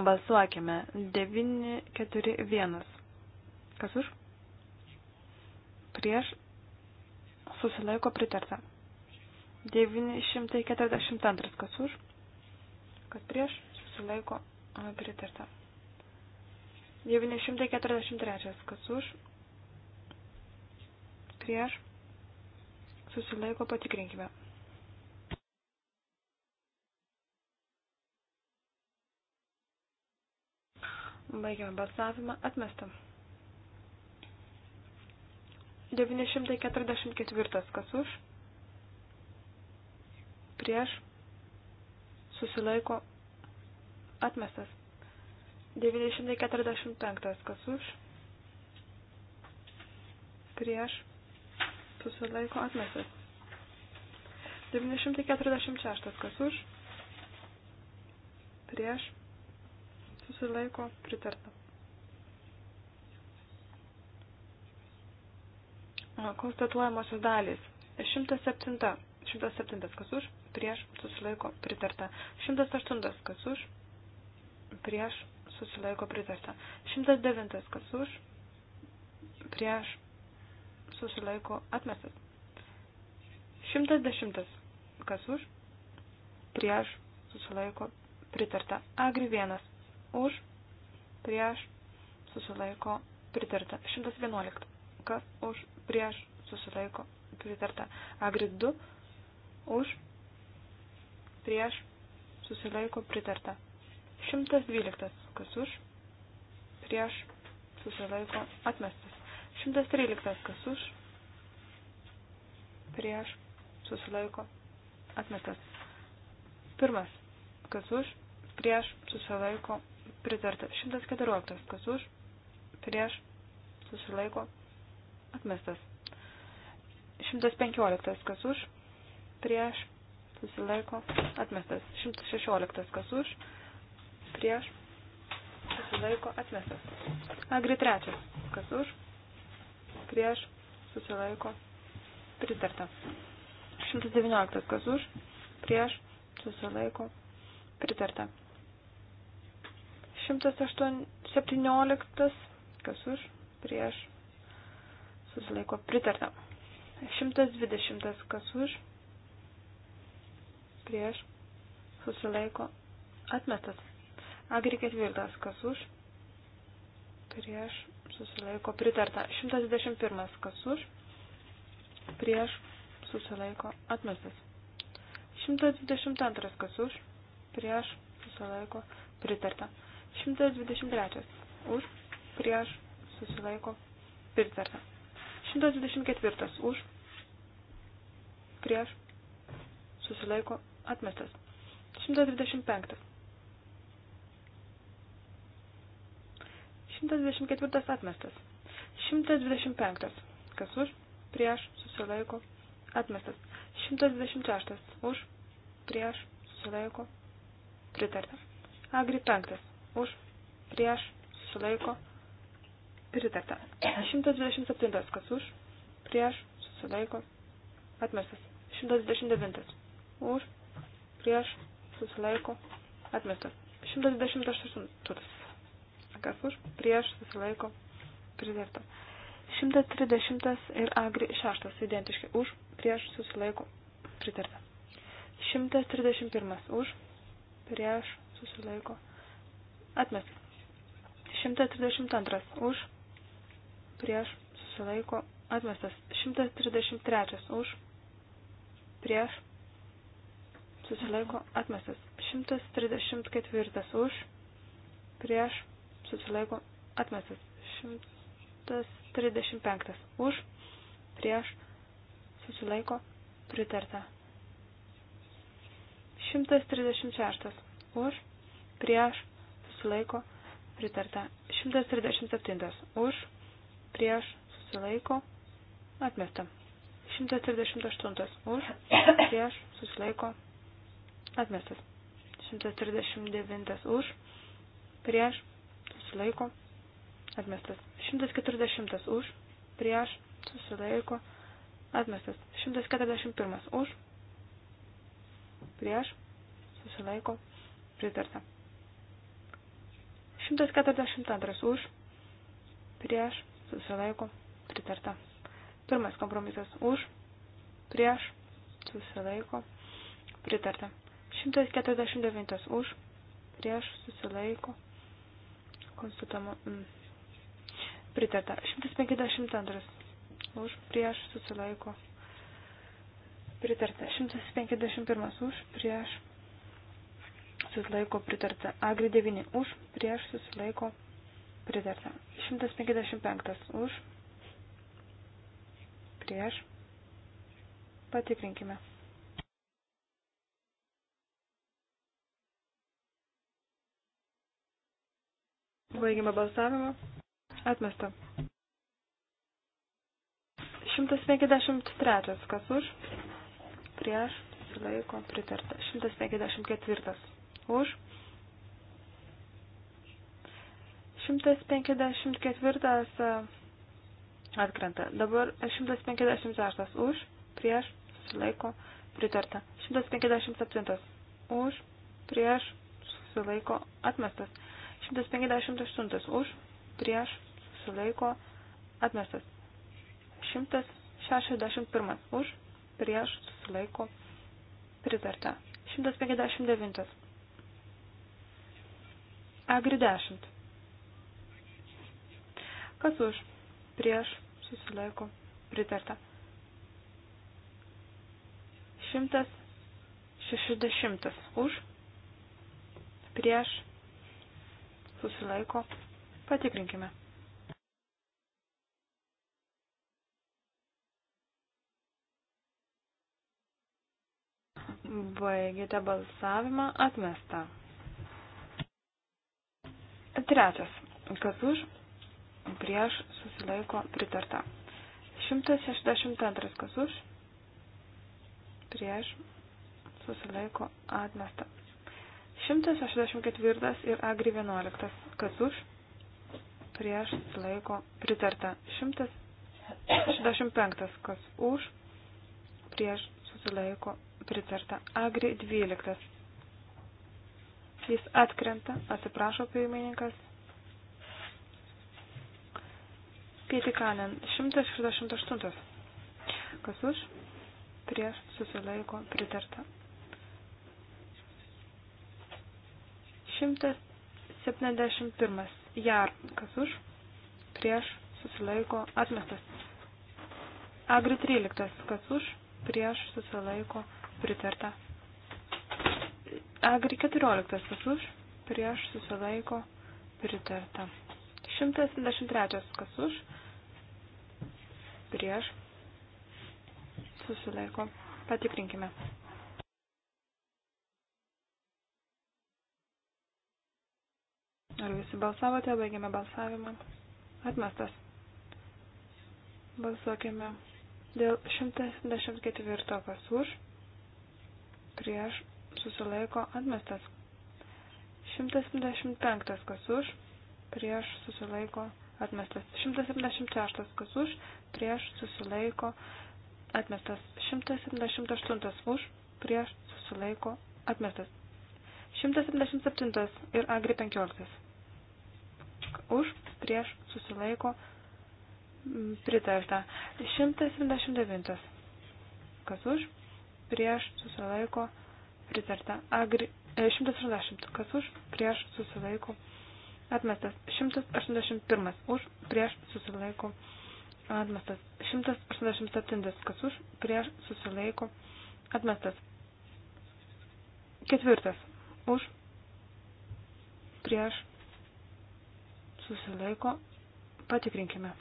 Balsuokime. 941. Kas už? Prieš. Susilaiko pritarta. 942. Kas už? Kas prieš? Susilaiko pritarta. 943. Kas už? Prieš. Susilaiko patikrinkime. Baigiame balsavimą. Atmestam. 944. Kas už? Prieš. Susilaiko. Atmestas. 945. Kas už? Prieš. Susilaiko. Atmestas. 946. Kas už? Prieš susilaiko pritarta. Konstatuojamosios dalys. 107. 107. Kas už? Prieš susilaiko pritarta. 108. Kas už? Prieš susilaiko pritarta. 109. Kas už? Prieš susilaiko atmestas. 110. Kas už? Prieš susilaiko pritarta. Agri vienas už, prieš, susilaiko, pritarta. 111. Kas už, prieš, susilaiko, pritarta. Agri 2, už, prieš, susilaiko, pritarta. 112. Kas už, prieš, susilaiko, atmestas. 113. Kas už, prieš, susilaiko, atmestas. Pirmas. Kas už, prieš, susilaiko, Pritarta 114. Kas už? Prieš? Susilaiko? Atmestas. 115. Kas už? Prieš? Susilaiko? Atmestas. 116. Kas už? Prieš? Susilaiko? Atmestas. Agri trečias. Kas už? Prieš? Susilaiko? Pritarta. 119. Kas už? Prieš? Susilaiko? Pritarta. 117, kas už, prieš, susilaiko pritarta. 120, kas už, prieš, susilaiko atmetas. Agri ketvirtas, kas už, prieš, susilaiko pritarta. 121, kas už, prieš, susilaiko atmestas. 122, kas už, prieš, susilaiko pritarta. 123. Už, prieš, susilaiko, pritarta. 124. Už, prieš, susilaiko, atmestas. 125. 124 atmestas. 125. Kas už, prieš, susilaiko, atmestas. 126. Už, prieš, susilaiko, pritarta. Agri 5 už, prieš, susilaiko, pritarta. 127, kas už, prieš, susilaiko, atmestas. 129, už, prieš, susilaiko, atmestas. 128, kas už, prieš, susilaiko, pritarta. 130 ir agri 6, identiški, už, prieš, susilaiko, pritarta. 131, už, prieš, susilaiko, pritarta. Atmestas. 132 už, prieš, susilaiko, atmestas. 133 už, prieš, susilaiko, atmestas. 134 už, prieš, susilaiko, atmestas. 135 už, prieš, susilaiko, pritarta. 136 už, prieš, susilaiko, pritarta. 137 už, prieš, susilaiko, atmesta. 138 už, prieš, susilaiko, atmestas. 139 už, prieš, susilaiko, atmestas. 140 už, prieš, susilaiko, atmestas. 141 už, prieš, susilaiko, pritarta. 142 už, prieš, susilaiko, pritarta. Pirmas kompromisas už, prieš, susilaiko, pritarta. 149 už, prieš, susilaiko, konsultamo, mm, pritarta. 152 už, prieš, susilaiko, pritarta. 151 už, prieš, susilaiko pritarta. Agri 9 už, prieš susilaiko pritarta. 155 už, prieš. Patikrinkime. Baigime balsavimą. Atmesta. 153. Kas už? Prieš. Laiko pritarta. 154 už. 154 e, atkrenta. Dabar 156 už, prieš, susilaiko, pritarta. 157 už, prieš, susilaiko, atmestas. 158 už, prieš, susilaiko, atmestas. 161 už, prieš, susilaiko, pritarta. 159 Agri 10. Kas už? Prieš susilaiko pritarta. 160 už. Prieš susilaiko. Patikrinkime. Baigėte balsavimą atmestą. Trečias. Kas už, prieš, susilaiko, pritarta. 162. Kas už, prieš, susilaiko, atmesta. 164 ir agri 11. Kas už, prieš, susilaiko, pritarta. 165. Kas už, prieš, susilaiko, pritarta. Agri 12. Jis atkrenta, atsiprašo pirmininkas. Pietikanen, 168. Kas už? Prieš susilaiko pritarta. 171. Jar. Kas už? Prieš susilaiko atmestas. Agri 13. Kas už? Prieš susilaiko pritarta. Agri 14 kas už, prieš susilaiko pritarta. 123 kas už, prieš susilaiko. Patikrinkime. Ar visi balsavote, baigėme balsavimą. Atmestas. Balsuokime dėl 174 kas už, prieš susilaiko atmestas. 175 kas už, prieš susilaiko atmestas. 176 kas už, prieš susilaiko atmestas. 178 už, prieš susilaiko atmestas. 177 ir agri 15. Už, prieš susilaiko pritarta. 179. Kas už, prieš susilaiko atmestas pritarta. Agri, 180. E, Kas už, prieš, susilaiko. Atmestas. 181. Už, prieš, susilaiko. Atmestas. 187. Kas už, prieš, susilaiko. Atmestas. Ketvirtas. Už, prieš, susilaiko. Patikrinkime.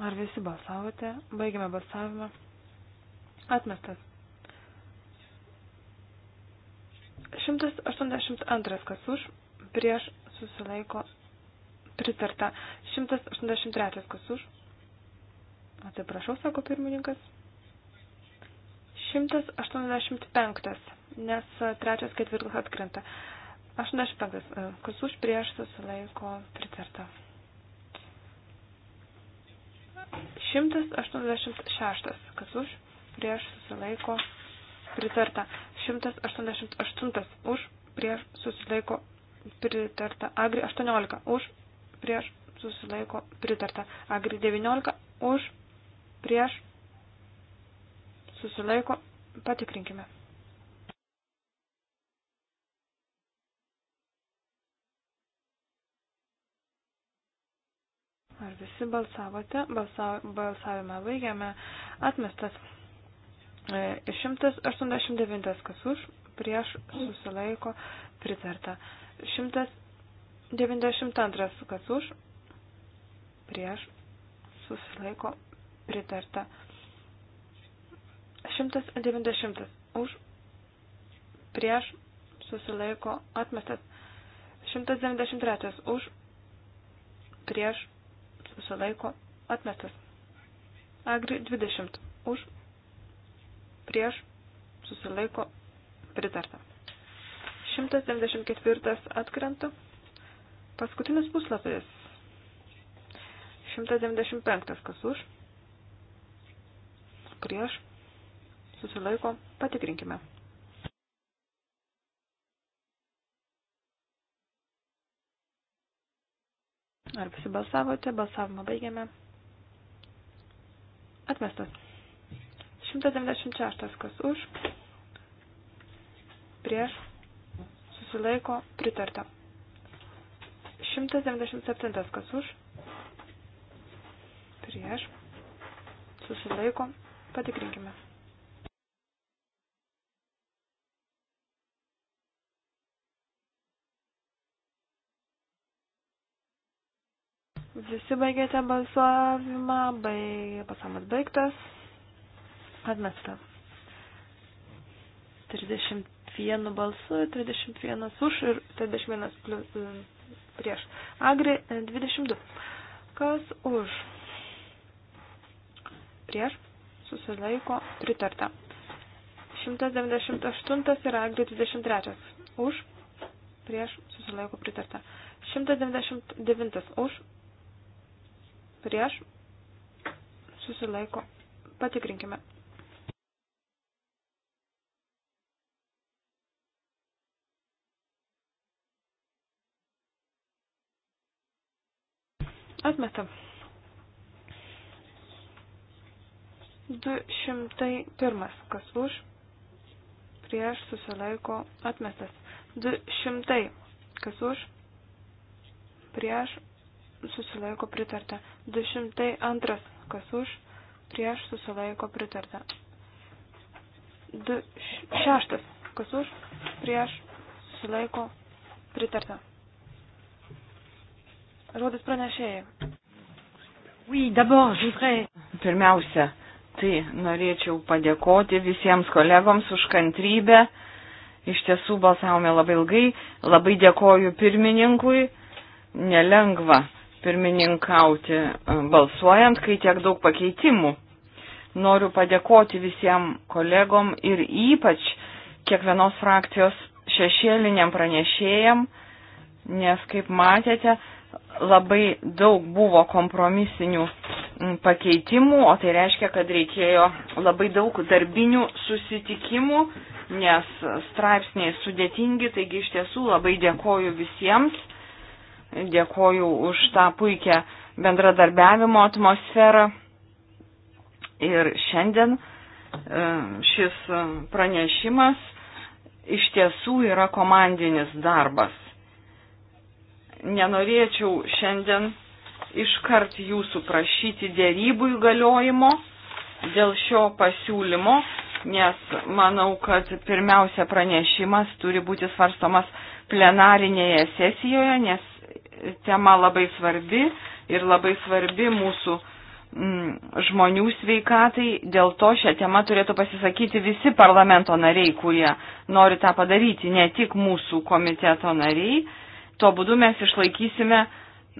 Ar visi balsavote? Baigiame balsavimą. Atmestas. 182 kas už, prieš susilaiko pritarta. 183 kas už. Atsiprašau, sako pirmininkas. 185, nes trečias ketvirtas atkrenta. 85 kas už, prieš susilaiko pritarta. 186. Kas už? Prieš susilaiko pritarta. 188. Už? Prieš susilaiko pritarta. Agri 18. Už? Prieš susilaiko pritarta. Agri 19. Už? Prieš susilaiko. Patikrinkime. Ar visi balsavote? Balsa, balsavimą baigiame. Atmestas. 189 e, kas už, prieš susilaiko pritarta. 192 kas už, prieš susilaiko pritarta. 190 už, prieš susilaiko atmestas. 193 už, prieš susilaiko atmestas. Agri 20 už prieš susilaiko pritarta. 194 atkrenta. Paskutinis puslapis. 195 kas už prieš susilaiko patikrinkime. Ar visi balsavote? Balsavimą baigiame. Atmestas. 196. Kas už? Prieš. Susilaiko. Pritarta. 197. Kas už? Prieš. Susilaiko. Patikrinkime. Visi baigėte balsavimą, baig... pasamas baigtas, atmesta. 31 balsu, 31 už ir 31 plus, e, prieš. Agri 22. E, Kas už? Prieš susilaiko pritarta. 198 ir Agri 23. Už prieš susilaiko pritarta. 199 už prieš, susilaiko, patikrinkime. Atmetam. 201. Kas už? Prieš susilaiko atmestas. 200. Kas už? Prieš susilaiko pritarta. 202 kas už, prieš susilaiko pritarta. 6 kas už, prieš susilaiko pritarta. Žodis pranešėjai. Oui, d'abord, je voudrais. Pirmiausia, tai norėčiau padėkoti visiems kolegoms už kantrybę. Iš tiesų balsavome labai ilgai. Labai dėkoju pirmininkui. Nelengva pirmininkauti e, balsuojant, kai tiek daug pakeitimų. Noriu padėkoti visiems kolegom ir ypač kiekvienos frakcijos šešėliniam pranešėjam, nes, kaip matėte, labai daug buvo kompromisinių pakeitimų, o tai reiškia, kad reikėjo labai daug darbinių susitikimų, nes straipsniai sudėtingi, taigi iš tiesų labai dėkoju visiems. Dėkoju už tą puikią bendradarbiavimo atmosferą. Ir šiandien e, šis pranešimas iš tiesų yra komandinis darbas. Nenorėčiau šiandien iškart jūsų prašyti dėrybų įgaliojimo dėl šio pasiūlymo, nes manau, kad pirmiausia pranešimas turi būti svarstomas plenarinėje sesijoje, nes tema labai svarbi ir labai svarbi mūsų mm, žmonių sveikatai, dėl to šią temą turėtų pasisakyti visi parlamento nariai, kurie nori tą padaryti, ne tik mūsų komiteto nariai. Tuo būdu mes išlaikysime m,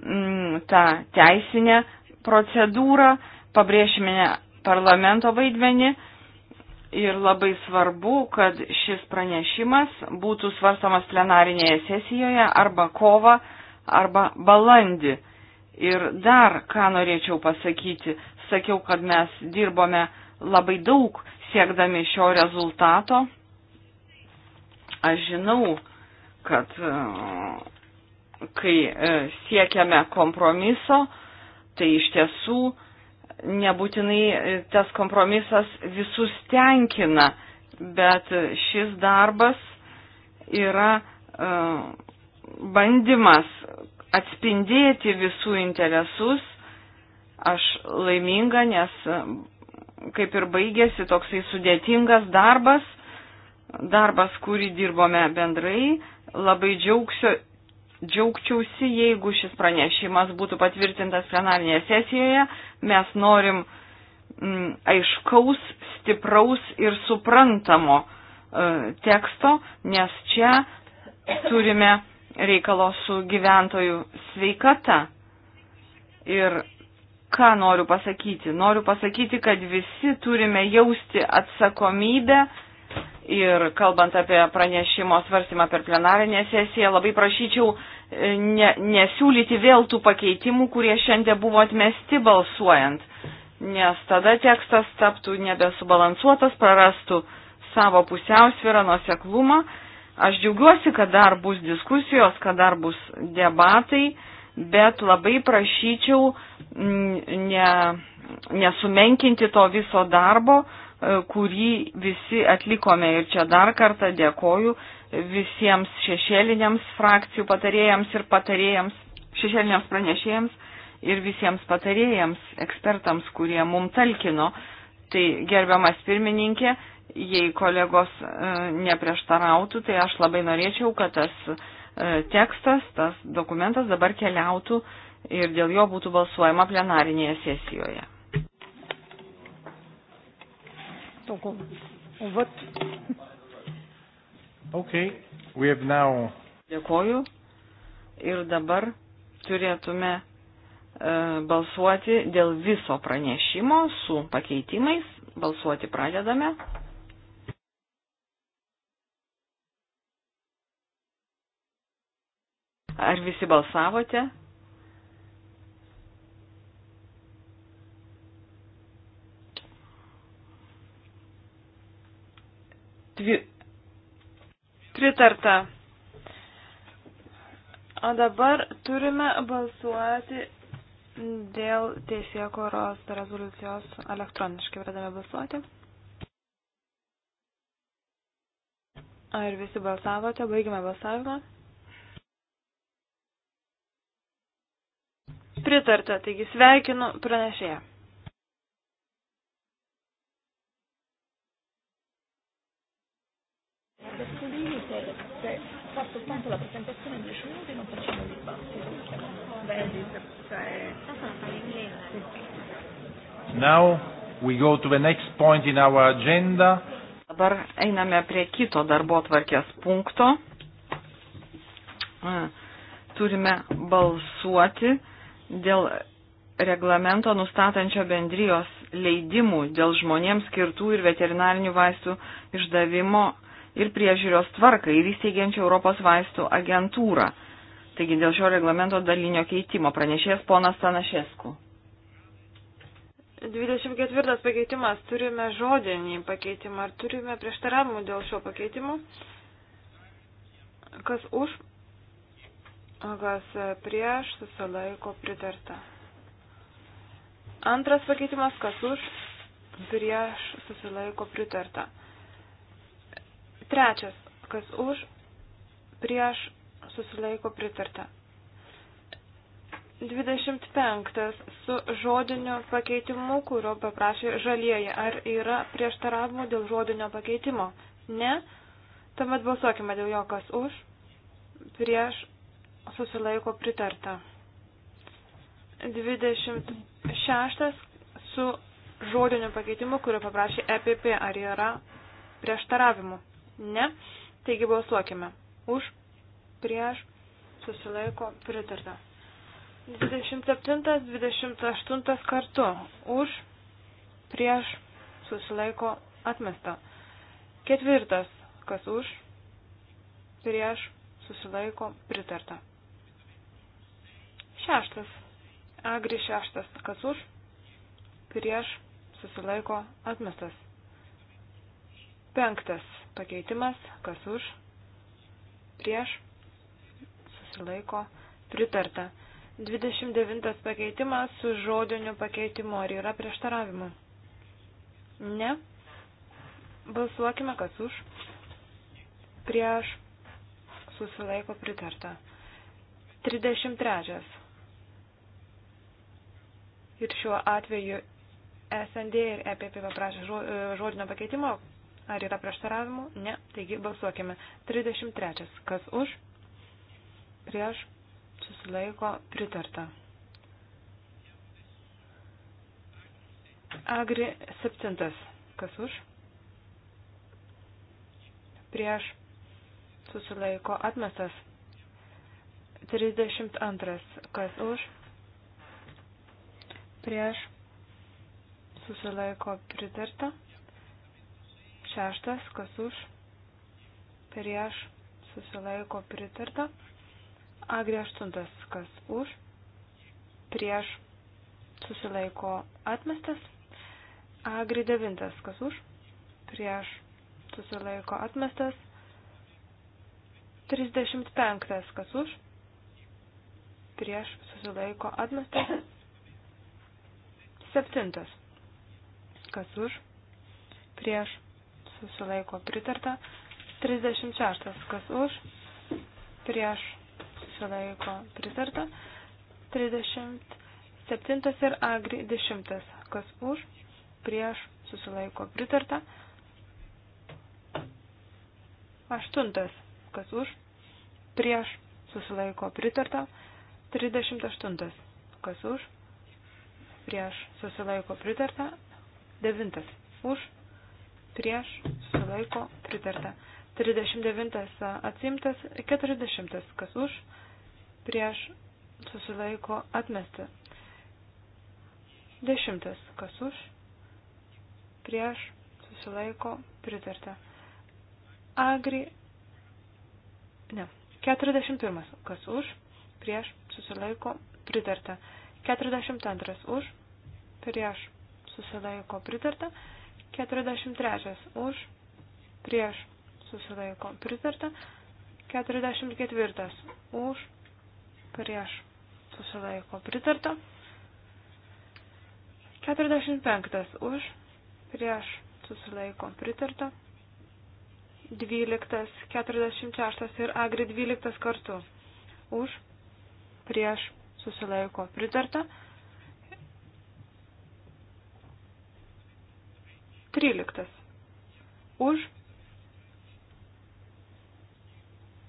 mm, tą teisinę procedūrą, pabrėšime parlamento vaidmenį ir labai svarbu, kad šis pranešimas būtų svarstamas plenarinėje sesijoje arba kovo arba balandį. Ir dar ką norėčiau pasakyti, sakiau, kad mes dirbome labai daug siekdami šio rezultato. Aš žinau, kad e, kai e, siekiame kompromiso, tai iš tiesų nebūtinai e, tas kompromisas visus tenkina, bet šis darbas yra uh, bandymas atspindėti visų interesus. Aš laiminga, nes kaip ir baigėsi toksai sudėtingas darbas, darbas, kurį dirbome bendrai. Labai džiaugsio, džiaugčiausi, jeigu šis pranešimas būtų patvirtintas plenarinėje sesijoje. Mes norim mm, aiškaus, stipraus ir suprantamo e, teksto, nes čia turime reikalo su gyventojų sveikata. Ir ką noriu pasakyti? Noriu pasakyti, kad visi turime jausti atsakomybę ir kalbant apie pranešimo svarstymą per plenarinę sesiją, labai prašyčiau e, ne, nesiūlyti vėl tų pakeitimų, kurie šiandien buvo atmesti balsuojant, nes tada tekstas taptų nebesubalansuotas, prarastų savo pusiausvyrą, nuoseklumą Aš džiaugiuosi, kad dar bus diskusijos, kad dar bus debatai, bet labai prašyčiau mm, ne, nesumenkinti to viso darbo, e, kurį visi atlikome. Ir čia dar kartą dėkoju visiems šešėliniams frakcijų patarėjams ir patarėjams, šešėliniams pranešėjams ir visiems patarėjams, ekspertams, kurie mum talkino. Tai gerbiamas pirmininkė, Jei kolegos e, neprieštarautų, tai aš labai norėčiau, kad tas e, tekstas, tas dokumentas dabar keliautų ir dėl jo būtų balsuojama plenarinėje sesijoje. Donc on, on vote. Okay, we have now. Dėkoju. Ir dabar turėtume e, balsuoti dėl viso pranešimo su pakeitimais. Balsuoti pradedame. Ar visi balsavote? Dvi. Pritarta. O dabar turime balsuoti dėl teisėkoros rezoliucijos elektroniškai. Pradame balsuoti. Ar visi balsavote? Baigime balsavimą. pritarta, taigi sveikinu pranešėją. soltanto la presentazione in 10 minuti non facciamo il dibattito. Now we go to the next point in our agenda. Dabar einame prie kito darbo tvarkės punkto. Turime balsuoti dėl reglamento nustatančio bendrijos leidimų dėl žmonėms skirtų ir veterinarinių vaistų išdavimo ir priežiūros tvarką ir įsteigiančio Europos vaistų agentūrą. Taigi dėl šio reglamento dalinio keitimo pranešės ponas Tanašesku. 24 pakeitimas. Turime žodinį pakeitimą. Ar turime prieštaravimų dėl šio pakeitimo? Kas už? kas e, prieš, susilaiko pritarta. Antras pakeitimas, kas už, prieš, susilaiko pritarta. Trečias, kas už, prieš, susilaiko pritarta. 25 su žodiniu pakeitimu, kurio paprašė žalieji. Ar yra prieštaravimų dėl žodinio pakeitimo? Ne. Tuomet balsuokime dėl jo, kas už, prieš, susilaiko pritarta. 26 su žodiniu pakeitimu, kurio paprašė EPP, ar yra prieštaravimų. Ne. Taigi balsuokime. Už, prieš, susilaiko, pritarta. 27, 28 kartu. Už, prieš, susilaiko, atmesta. Ketvirtas, kas už, prieš, susilaiko, pritarta. Šeštas. Agri šeštas. Kas už? Prieš susilaiko atmestas. Penktas pakeitimas. Kas už? Prieš susilaiko pritarta. 29 pakeitimas su žodiniu pakeitimu. Ar yra prieštaravimu? Ne. Balsuokime, kas už. Prieš susilaiko pritarta. 33. Ir šiuo atveju SND ir EPP paprašė e, žodinio pakeitimo. Ar yra prieštaravimų? Ne. Taigi balsuokime. 33. Kas už? Prieš susilaiko pritarta. Agri 7. Kas už? Prieš susilaiko atmestas. 32. Kas už? prieš susilaiko pritarta. Šeštas, kas už, prieš susilaiko pritarta. Agri aštuntas, kas už, prieš susilaiko atmestas. Agri devintas, kas už, prieš susilaiko atmestas. 35, kas už, prieš susilaiko atmestas. Septintas. Kas už? Prieš. Susilaiko pritarta. 36. Kas už? Prieš. Susilaiko pritarta. 37 ir agri 10. Kas už? Prieš. Susilaiko pritarta. 8. Kas už? Prieš. Susilaiko pritarta. 38. Kas už? prieš susilaiko pritarta. Devintas už, prieš susilaiko pritarta. 39 atsimtas, 40 kas už, prieš susilaiko atmesti. 10 kas už, prieš susilaiko pritarta. Agri, ne, 41 kas už, prieš susilaiko pritarta. 42 už, prieš susilaiko pritarta, 43 už, prieš susilaiko pritarta, 44 už, prieš susilaiko pritarta, 45 už, prieš susilaiko pritarta, 12, 46 ir agri 12 kartu už, prieš susilaiko pritarta, 46 13. Už,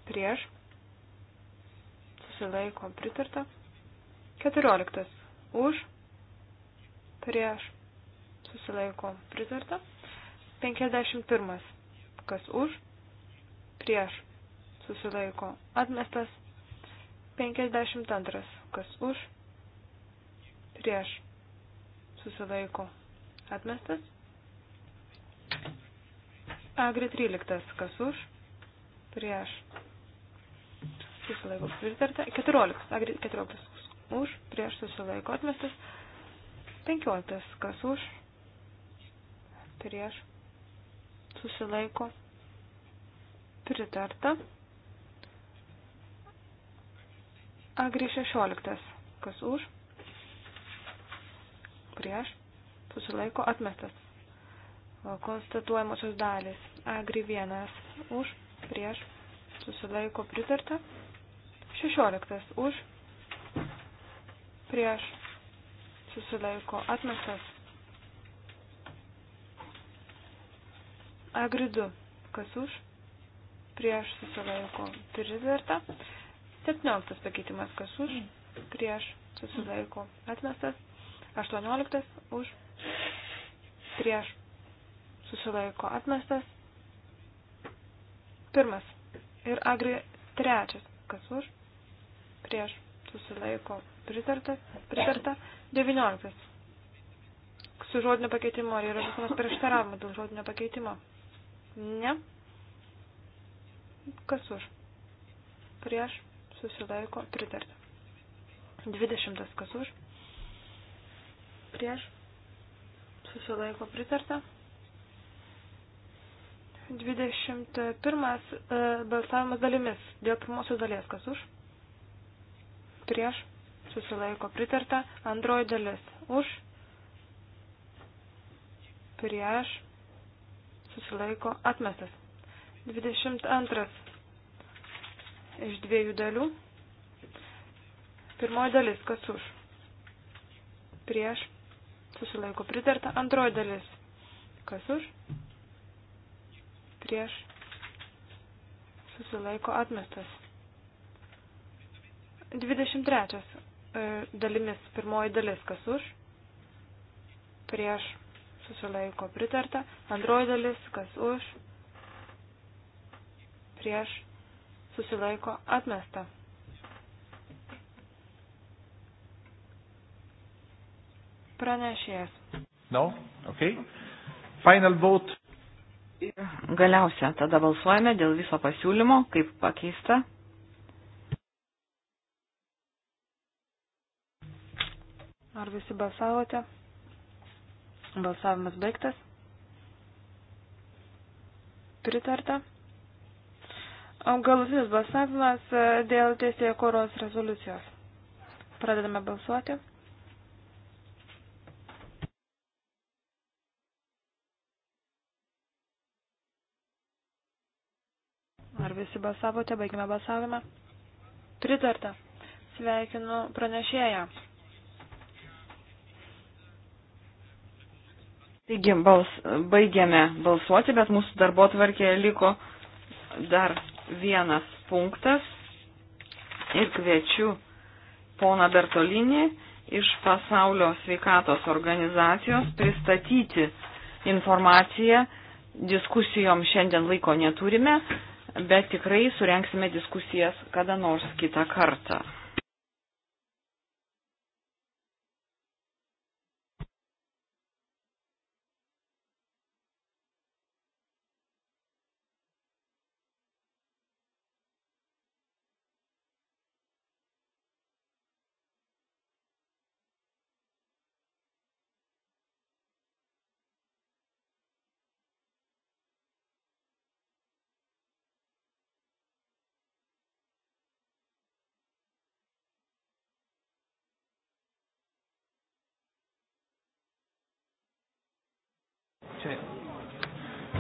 prieš, susilaiko pritarta. 14. Už, prieš, susilaiko pritarta. 51. Kas už, prieš, susilaiko atmestas. 52. Kas už, prieš, susilaiko atmestas. Agri 13. Kas už? Prieš. Susilaiko pritarta. 14. Agri 14. Už. Prieš susilaiko atmestas. 15. Kas už? Prieš. Susilaiko. Pritarta. Agri 16. Kas už? Prieš. Susilaiko atmestas konstatuojamosios dalis. Agri 1 už, prieš, susilaiko pritarta. 16 už, prieš, susilaiko atmestas. Agri 2, kas už, prieš, susilaiko pritarta. 17 pakeitimas, kas už, prieš, susilaiko atmestas. 18 už, prieš, susilaiko atmestas. Pirmas ir agri trečias, kas už, prieš susilaiko pritarta, pritarta 19. Su žodinio pakeitimo ar yra visomas prieštaravimas dėl žodinio pakeitimo? Ne. Kas už? Prieš susilaiko pritarta. 20. Kas už? Prieš susilaiko pritarta. 21 e, balsavimas dalimis. Dėl pirmosios dalies, kas už? Prieš. Susilaiko pritarta. Antroji dalis. Už. Prieš. Susilaiko atmestas. 22 iš dviejų dalių. Pirmoji dalis, kas už? Prieš. Susilaiko pritarta. Antroji dalis. Kas už? prieš susilaiko atmestas. 23 e, dalimis pirmoji dalis kas už, prieš susilaiko pritarta, antroji dalis kas už, prieš susilaiko atmesta. Pranešėjas. No? Okay. Final vote. Galiausia, tada balsuojame dėl viso pasiūlymo, kaip pakeista. Ar visi balsavote? Balsavimas baigtas. Pritarta. Galutinis balsavimas e, dėl teisėjo koros rezoliucijos. Pradedame balsuoti. Ar visi balsavote? Baigime balsavimą. Pritarta. Sveikinu pranešėją. Taigi, bals, baigėme balsuoti, bet mūsų darbo tvarkėje liko dar vienas punktas ir kviečiu poną Bertolinį iš pasaulio sveikatos organizacijos pristatyti informaciją. Diskusijom šiandien laiko neturime, bet tikrai surenksime diskusijas kada nors kitą kartą. Cioè,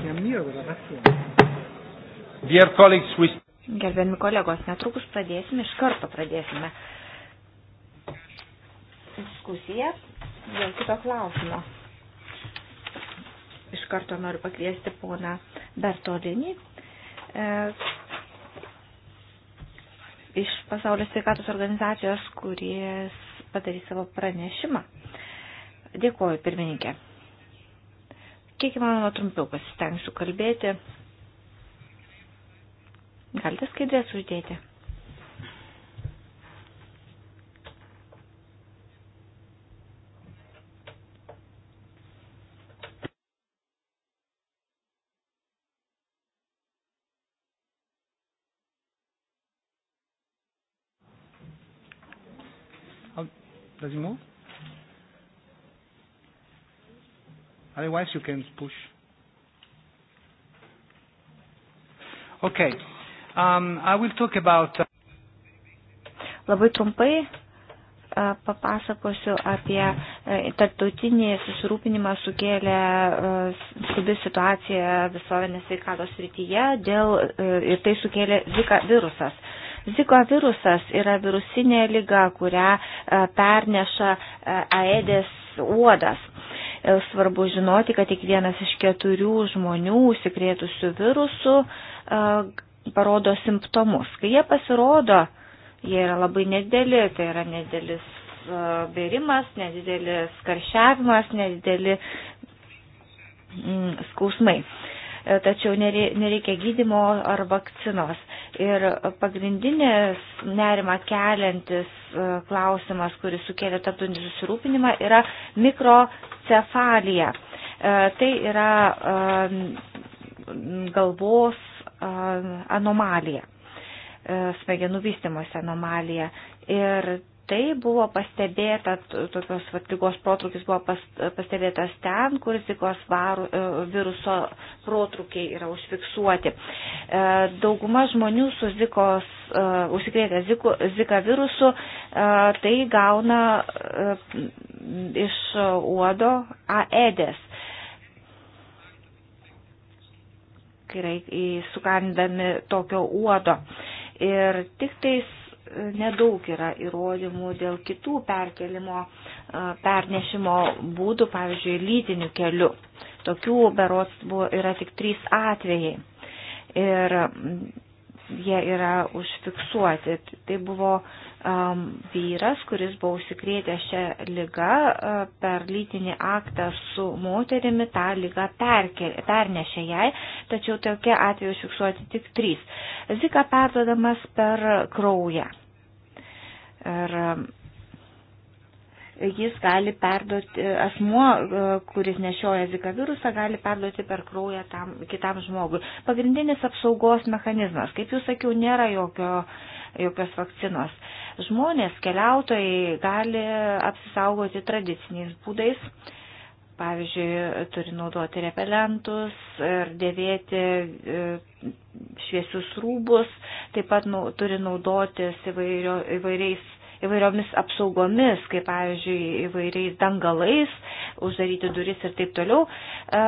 ti ammiro quella passione. Gerbiami kolegos, netrukus pradėsime, iš karto pradėsime diskusiją dėl kito klausimo. Iš karto noriu pakviesti poną Bertolinį e, iš Pasaulio sveikatos organizacijos, kuris padarys savo pranešimą. Dėkuoju, pirmininkė. Kiek įmanoma trumpiau pasistengsiu kalbėti. Galite skaidrės uždėti. Does it move? Otherwise, you can push. Okay. Um, I will talk about. Uh, Labai trumpai uh, papasakosiu apie uh, tarptautinį susirūpinimą sukėlę skubi situacija visuomenės sveikatos rytyje dėl ir tai sukėlė Zika virusas. Ziko virusas yra virusinė lyga, kurią perneša Aedės uodas. E, svarbu žinoti, kad tik vienas iš keturių žmonių užsikrėtusių virusų e, parodo simptomus. Kai jie pasirodo, jie yra labai nedėli, tai yra nedėlis e, bėrimas, nedidelis karšiavimas, nedideli mm, skausmai. E, tačiau nereikia gydimo ar vakcinos. Ir pagrindinis nerima keliantis e, klausimas, kuris sukėlė tarptautinį susirūpinimą, yra mikrocefalija. E, tai yra galvos anomalija, smegenų vystimosi anomalija. Ir tai buvo pastebėta, tokios vat, lygos protrukis buvo pas, pastebėtas ten, kur lygos e, viruso protrukiai yra užfiksuoti. E, dauguma žmonių su zikos, e, užsikrėtę zika virusu, tai gauna iš uodo aedės. Kai yra sukandami tokio uodo. Ir tik tais nedaug yra įrodymų dėl kitų perkelimo, pernešimo būdų, pavyzdžiui, lytiniu keliu. Tokių berots buvo, yra tik trys atvejai. Ir jie yra užfiksuoti. Tai buvo um, vyras, kuris buvo užsikrėtęs šią lygą uh, per lytinį aktą su moterimi, tą lygą perke, pernešė jai, tačiau tokie atveju užfiksuoti tik trys. Zika perdodamas per kraują. Ir e, jis gali perduoti, e, asmuo, e, kuris nešioja zika virusą, gali perduoti per kraują tam, kitam žmogui. Pagrindinis apsaugos mechanizmas, kaip jau sakiau, nėra jokio, jokios vakcinos. Žmonės, keliautojai gali apsisaugoti tradiciniais būdais Pavyzdžiui, turi naudoti repelentus ir dėvėti e, šviesius rūbus, taip pat nu, turi naudotis įvairio, įvairiais įvairiomis apsaugomis, kaip pavyzdžiui įvairiais dangalais, uždaryti duris ir taip toliau. E,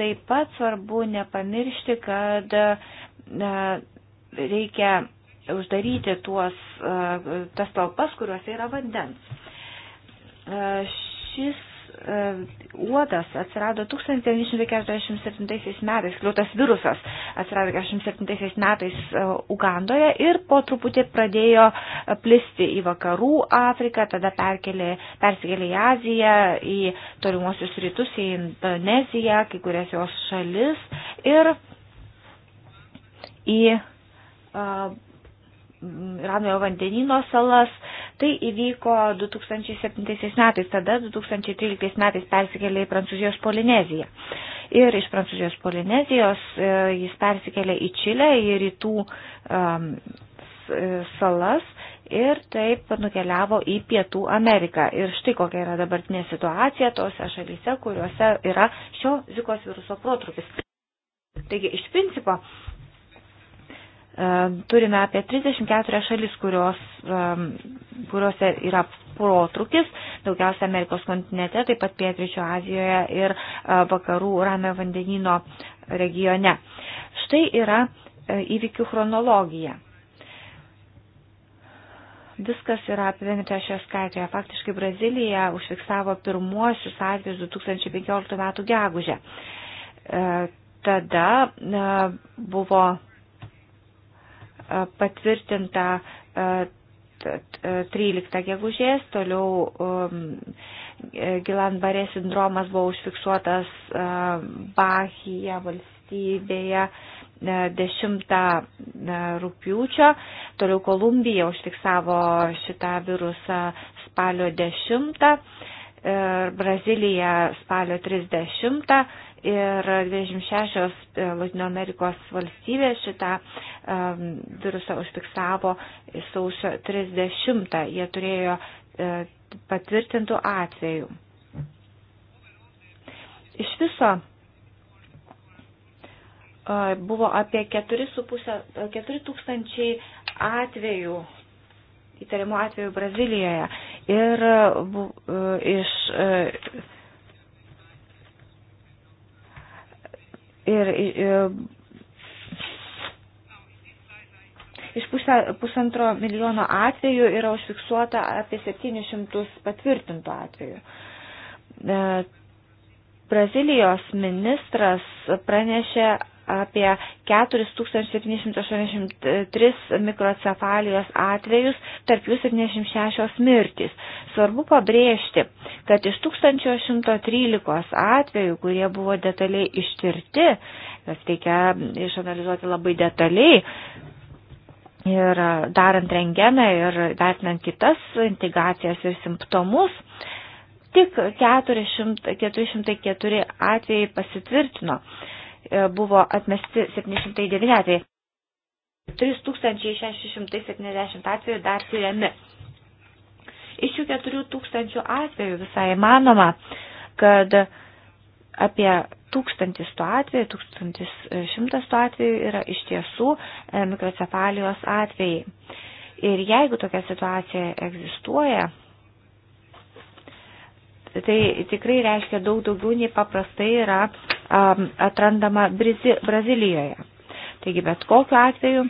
taip pat svarbu nepamiršti, kad e, reikia uždaryti tuos, tas talpas, kuriuose yra vandens. Šis E, uodas atsirado 1947 metais, kliūtas virusas atsirado 1947 metais e, Ugandoje ir po truputį pradėjo e, plisti į vakarų Afriką, tada perkelė, persikėlė į Aziją, į tolimuosius rytus, į Indoneziją, kai kurias jos šalis ir į uh, Ramiojo vandenino salas Tai įvyko 2007 metais, tada 2013 metais persikėlė į Prancūzijos Polineziją. Ir iš Prancūzijos Polinezijos e, jis persikėlė į Čilę, į rytų um, salas ir taip nukeliavo į Pietų Ameriką. Ir štai kokia yra dabartinė situacija tose šalyse, kuriuose yra šio Zikos viruso protrukis. Taigi, iš principo, E, turime apie 34 šalis, kurios, e, kuriuose yra protrukis, daugiausia Amerikos kontinente, taip pat Pietričio Azijoje ir e, vakarų Ramio vandenino regione. Štai yra įvykių chronologija. Viskas yra apibendrinta šioje skaitėje. Faktiškai Brazilija užfiksavo pirmuosius atvejus 2015 m. gegužę. Tada buvo patvirtinta 13 e, e, gegužės, toliau um, e, Gilanbarė sindromas buvo užfiksuotas Bahija valstybėje 10 rūpiučio, toliau Kolumbija užfiksavo šitą virusą spalio 10 ir Brazilija spalio 30 ir 26 e, Latino Amerikos valstybės šitą e, virusą užfiksavo sausio 30. Jie turėjo e, patvirtintų atvejų. Iš viso buvo apie 4,5 tūkstančiai atvejų, įtariamų atvejų Brazilijoje. Ir bu, iš Ir, ir iš pusę, pusantro milijono atvejų yra užfiksuota apie 700 patvirtintų atvejų. E, Brazilijos ministras pranešė apie 4783 mikrocefalijos atvejus, tarp jų 76 mirtys. Svarbu pabrėžti, kad iš 1113 atvejų, kurie buvo detaliai ištirti, jas reikia išanalizuoti labai detaliai, Ir darant rengeną ir vertinant kitas integracijas ir simptomus, tik 400, 404 atvejai pasitvirtino. E, buvo atmesti 709 atvejai. 3670 atvejų dar tyriami. Iš jų 4000 atvejų visai manoma, kad apie 1000 to atvejų, 1100 to atvejų yra iš tiesų e, mikrocefalijos atvejai. Ir jeigu tokia situacija egzistuoja, Tai tikrai reiškia daug daugiau nei paprastai yra um, atrandama Brizi, Brazilijoje. Taigi bet kokiu atveju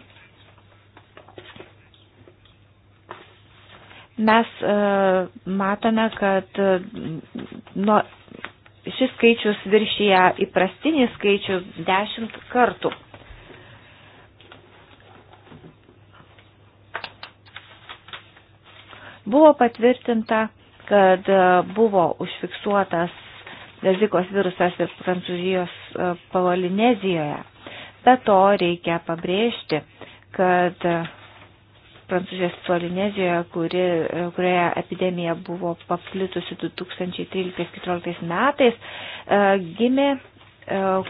mes uh, matome, kad uh, nuo šis skaičius viršyje įprastinį skaičių dešimt kartų. Buvo patvirtinta kad e, buvo užfiksuotas Zikos virusas ir Prancūzijos e, Polonezijoje. Be to reikia pabrėžti, kad e, Prancūzijos Polinezijoje, kuri, kurioje epidemija buvo paplitusi 2013-2014 metais, gimė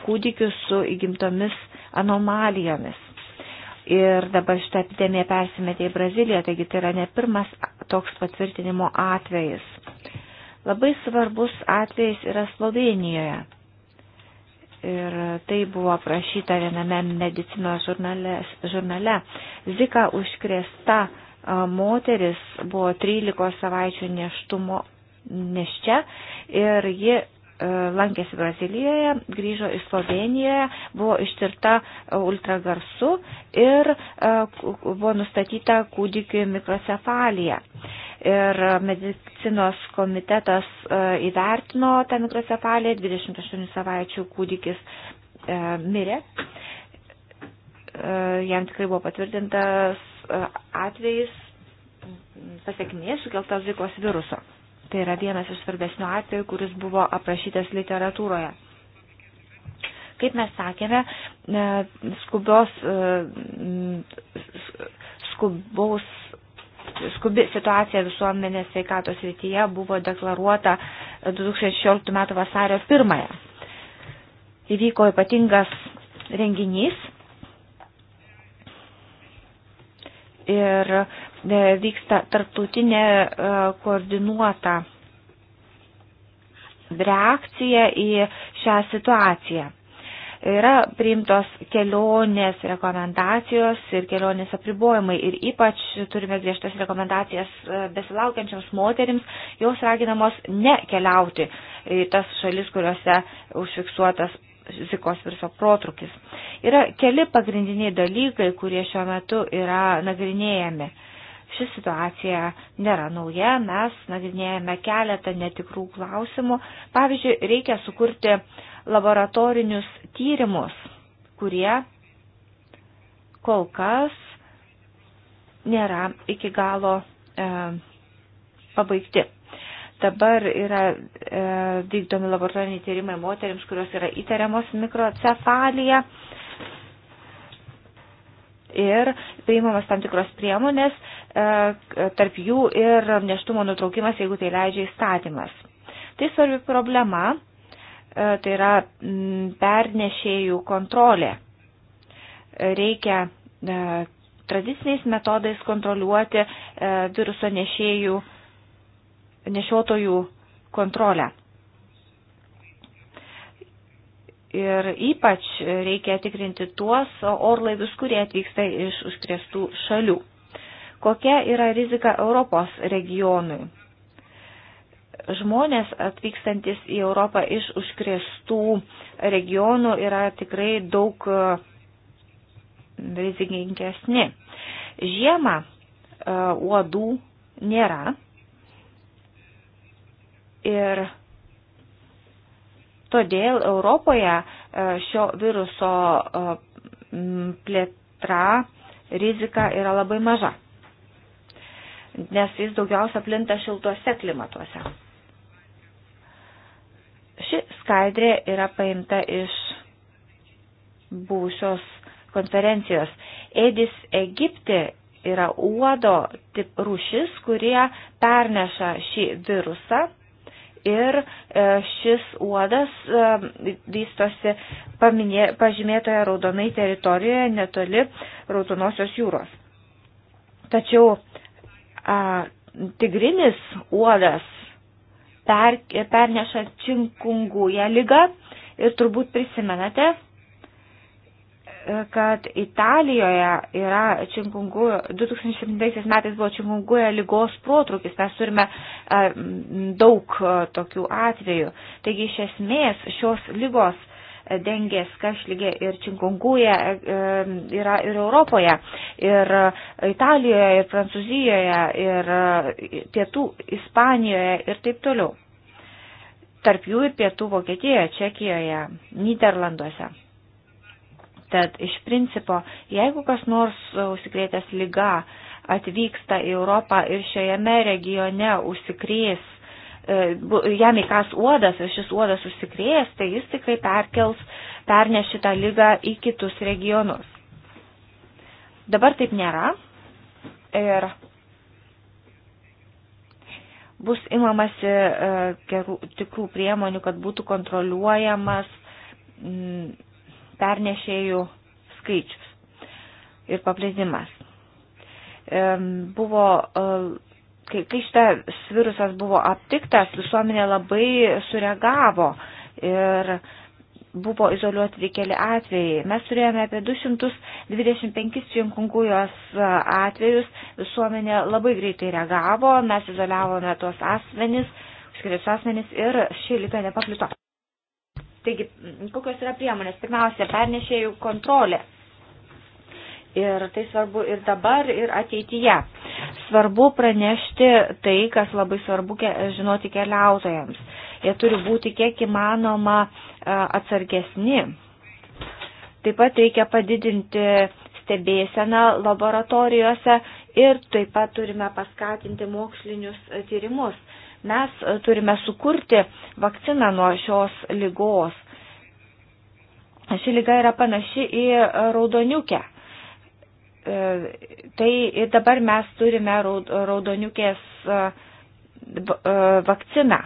kūdikių su įgimtomis anomalijomis. Ir dabar šitą epidemiją persimetė į Braziliją, taigi tai yra ne pirmas toks patvirtinimo atvejis. Labai svarbus atvejis yra Slovenijoje. Ir tai buvo aprašyta viename medicinos žurnale. žurnale. Zika užkrėsta moteris buvo 13 savaičių neštumo neščia ir ji E, lankėsi Brazilijoje, grįžo iš Slovenijoje, buvo ištirta ultragarsu ir e, buvo nustatyta kūdikiu mikrocefalija. Ir medicinos komitetas e, įvertino tą mikrocefaliją, 28 savaičių kūdikis mirė. Jam tikrai buvo patvirtintas atvejis pasiekmės sukeltas veikos viruso. Tai yra vienas iš svarbesnių atvejų, kuris buvo aprašytas literatūroje. Kaip mes sakėme, e, skubios, e, skubaus, skubi situacija visuomenės sveikatos rytyje buvo deklaruota 2016 m. vasario 1. Įvyko ypatingas renginys ir e, vyksta tarptautinė e, koordinuota reakcija į šią situaciją. Yra priimtos kelionės rekomendacijos ir kelionės apribojimai ir ypač turime griežtas rekomendacijas e, besilaukiančiams moterims, jos raginamos nekeliauti į tas šalis, kuriuose užfiksuotas Zikos viruso protrukis. Yra keli pagrindiniai dalykai, kurie šiuo metu yra nagrinėjami. Ši situacija nėra nauja, mes nagrinėjame keletą netikrų klausimų. Pavyzdžiui, reikia sukurti laboratorinius tyrimus, kurie kol kas nėra iki galo e, pabaigti. Dabar yra e, vykdomi laboratoriniai tyrimai moteriams, kurios yra įtariamos mikrocefalija. Ir priimamas tam tikros priemonės, e, tarp jų ir neštumo nutraukimas, jeigu tai leidžia įstatymas. Tai svarbi problema, e, tai yra m, pernešėjų kontrolė. Reikia e, tradiciniais metodais kontroliuoti e, viruso nešėjų e, nešiotojų kontrolę. Ir ypač reikia tikrinti tuos orlaivius, kurie atvyksta iš užkrėstų šalių. Kokia yra rizika Europos regionui? Žmonės atvykstantis į Europą iš užkrėstų regionų yra tikrai daug e, rizikingesni. Žiemą e, uodų nėra, Ir todėl Europoje e, šio viruso e, plėtra rizika yra labai maža, nes jis daugiausia plinta šiltuose klimatuose. Ši skaidrė yra paimta iš būsios konferencijos. Edis Egipti yra uodo tip rūšis, kurie perneša šį virusą ir e, šis uodas e, vystosi paminė, pažymėtoje raudonai teritorijoje netoli Raudonosios jūros. Tačiau a, tigrinis uodas per, perneša činkungują lygą ir turbūt prisimenate, kad Italijoje yra čingungu, 2007 metais buvo čingunguoja lygos protrukis, mes turime e, daug e, tokių atvejų. Taigi iš esmės šios lygos e, dengės kašlygė ir čingunguja yra ir Europoje, ir Italijoje, ir Prancūzijoje, ir pietų Ispanijoje ir taip toliau. Tarp jų ir pietų Vokietijoje, Čekijoje, Niderlanduose. Tad iš principo, jeigu kas nors e, užsikrėtęs lyga atvyksta į Europą ir šiame regione užsikrės, e, jam įkas uodas ir šis uodas užsikrės, tai jis tikrai perkels, perneš šitą lygą į kitus regionus. Dabar taip nėra ir bus imamasi e, gerų, tikrų priemonių, kad būtų kontroliuojamas pernešėjų skaičius ir paplėtimas. Buvo, e, kai, kai šitas virusas buvo aptiktas, visuomenė labai sureagavo ir buvo izoliuoti tik keli atvejai. Mes turėjome apie 225 čiankunkujos e, atvejus, visuomenė labai greitai reagavo, mes izoliavome tuos asmenis, skirius asmenis ir ši lyga nepaplito. Taigi, kokios yra priemonės? Pirmiausia, pernešėjų kontrolė. Ir tai svarbu ir dabar, ir ateityje. Svarbu pranešti tai, kas labai svarbu ke, žinoti keliautojams. Jie turi būti kiek įmanoma e, atsargesni. Taip pat reikia padidinti stebėseną laboratorijose ir taip pat turime paskatinti mokslinius tyrimus. Mes e, turime sukurti vakciną nuo šios lygos. Ši lyga yra panaši į e, raudoniukę. E, tai ir dabar mes turime raudoniukės vakciną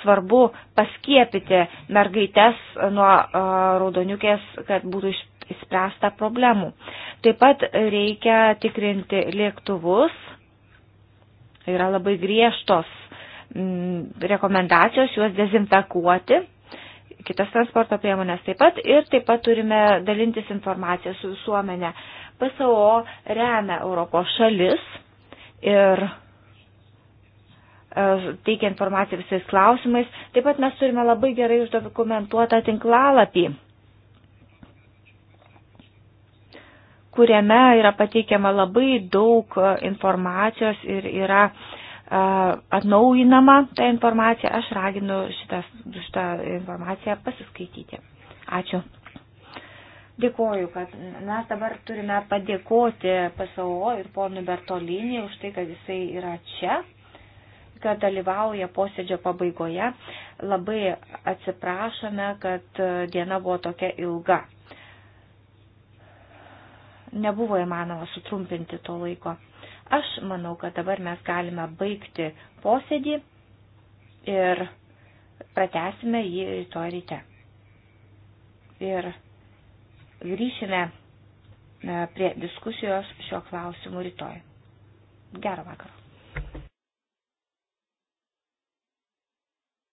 svarbu paskiepyti mergaites nuo raudoniukės, kad būtų išspręsta problemų. Taip pat reikia tikrinti lėktuvus. Yra labai griežtos Mm, rekomendacijos juos dezinfekuoti, kitas transporto priemonės taip pat ir taip pat turime dalintis informaciją su visuomenė. PSO remia Europos šalis ir e, teikia informaciją visais klausimais. Taip pat mes turime labai gerai uždokumentuotą tinklalapį, kuriame yra pateikiama labai daug e, informacijos ir yra uh, atnaujinama ta informacija, aš raginu šitą, šitą informaciją pasiskaityti. Ačiū. Dėkoju, kad mes dabar turime padėkoti PSO ir ponui Bertolinį už tai, kad jisai yra čia, kad dalyvauja posėdžio pabaigoje. Labai atsiprašome, kad diena buvo tokia ilga. Nebuvo įmanoma sutrumpinti to laiko. Aš manau, kad dabar mes galime baigti posėdį ir pratesime jį rytoj ryte. Ir grįšime e, prie diskusijos šio klausimu rytoj. Gerą vakarą.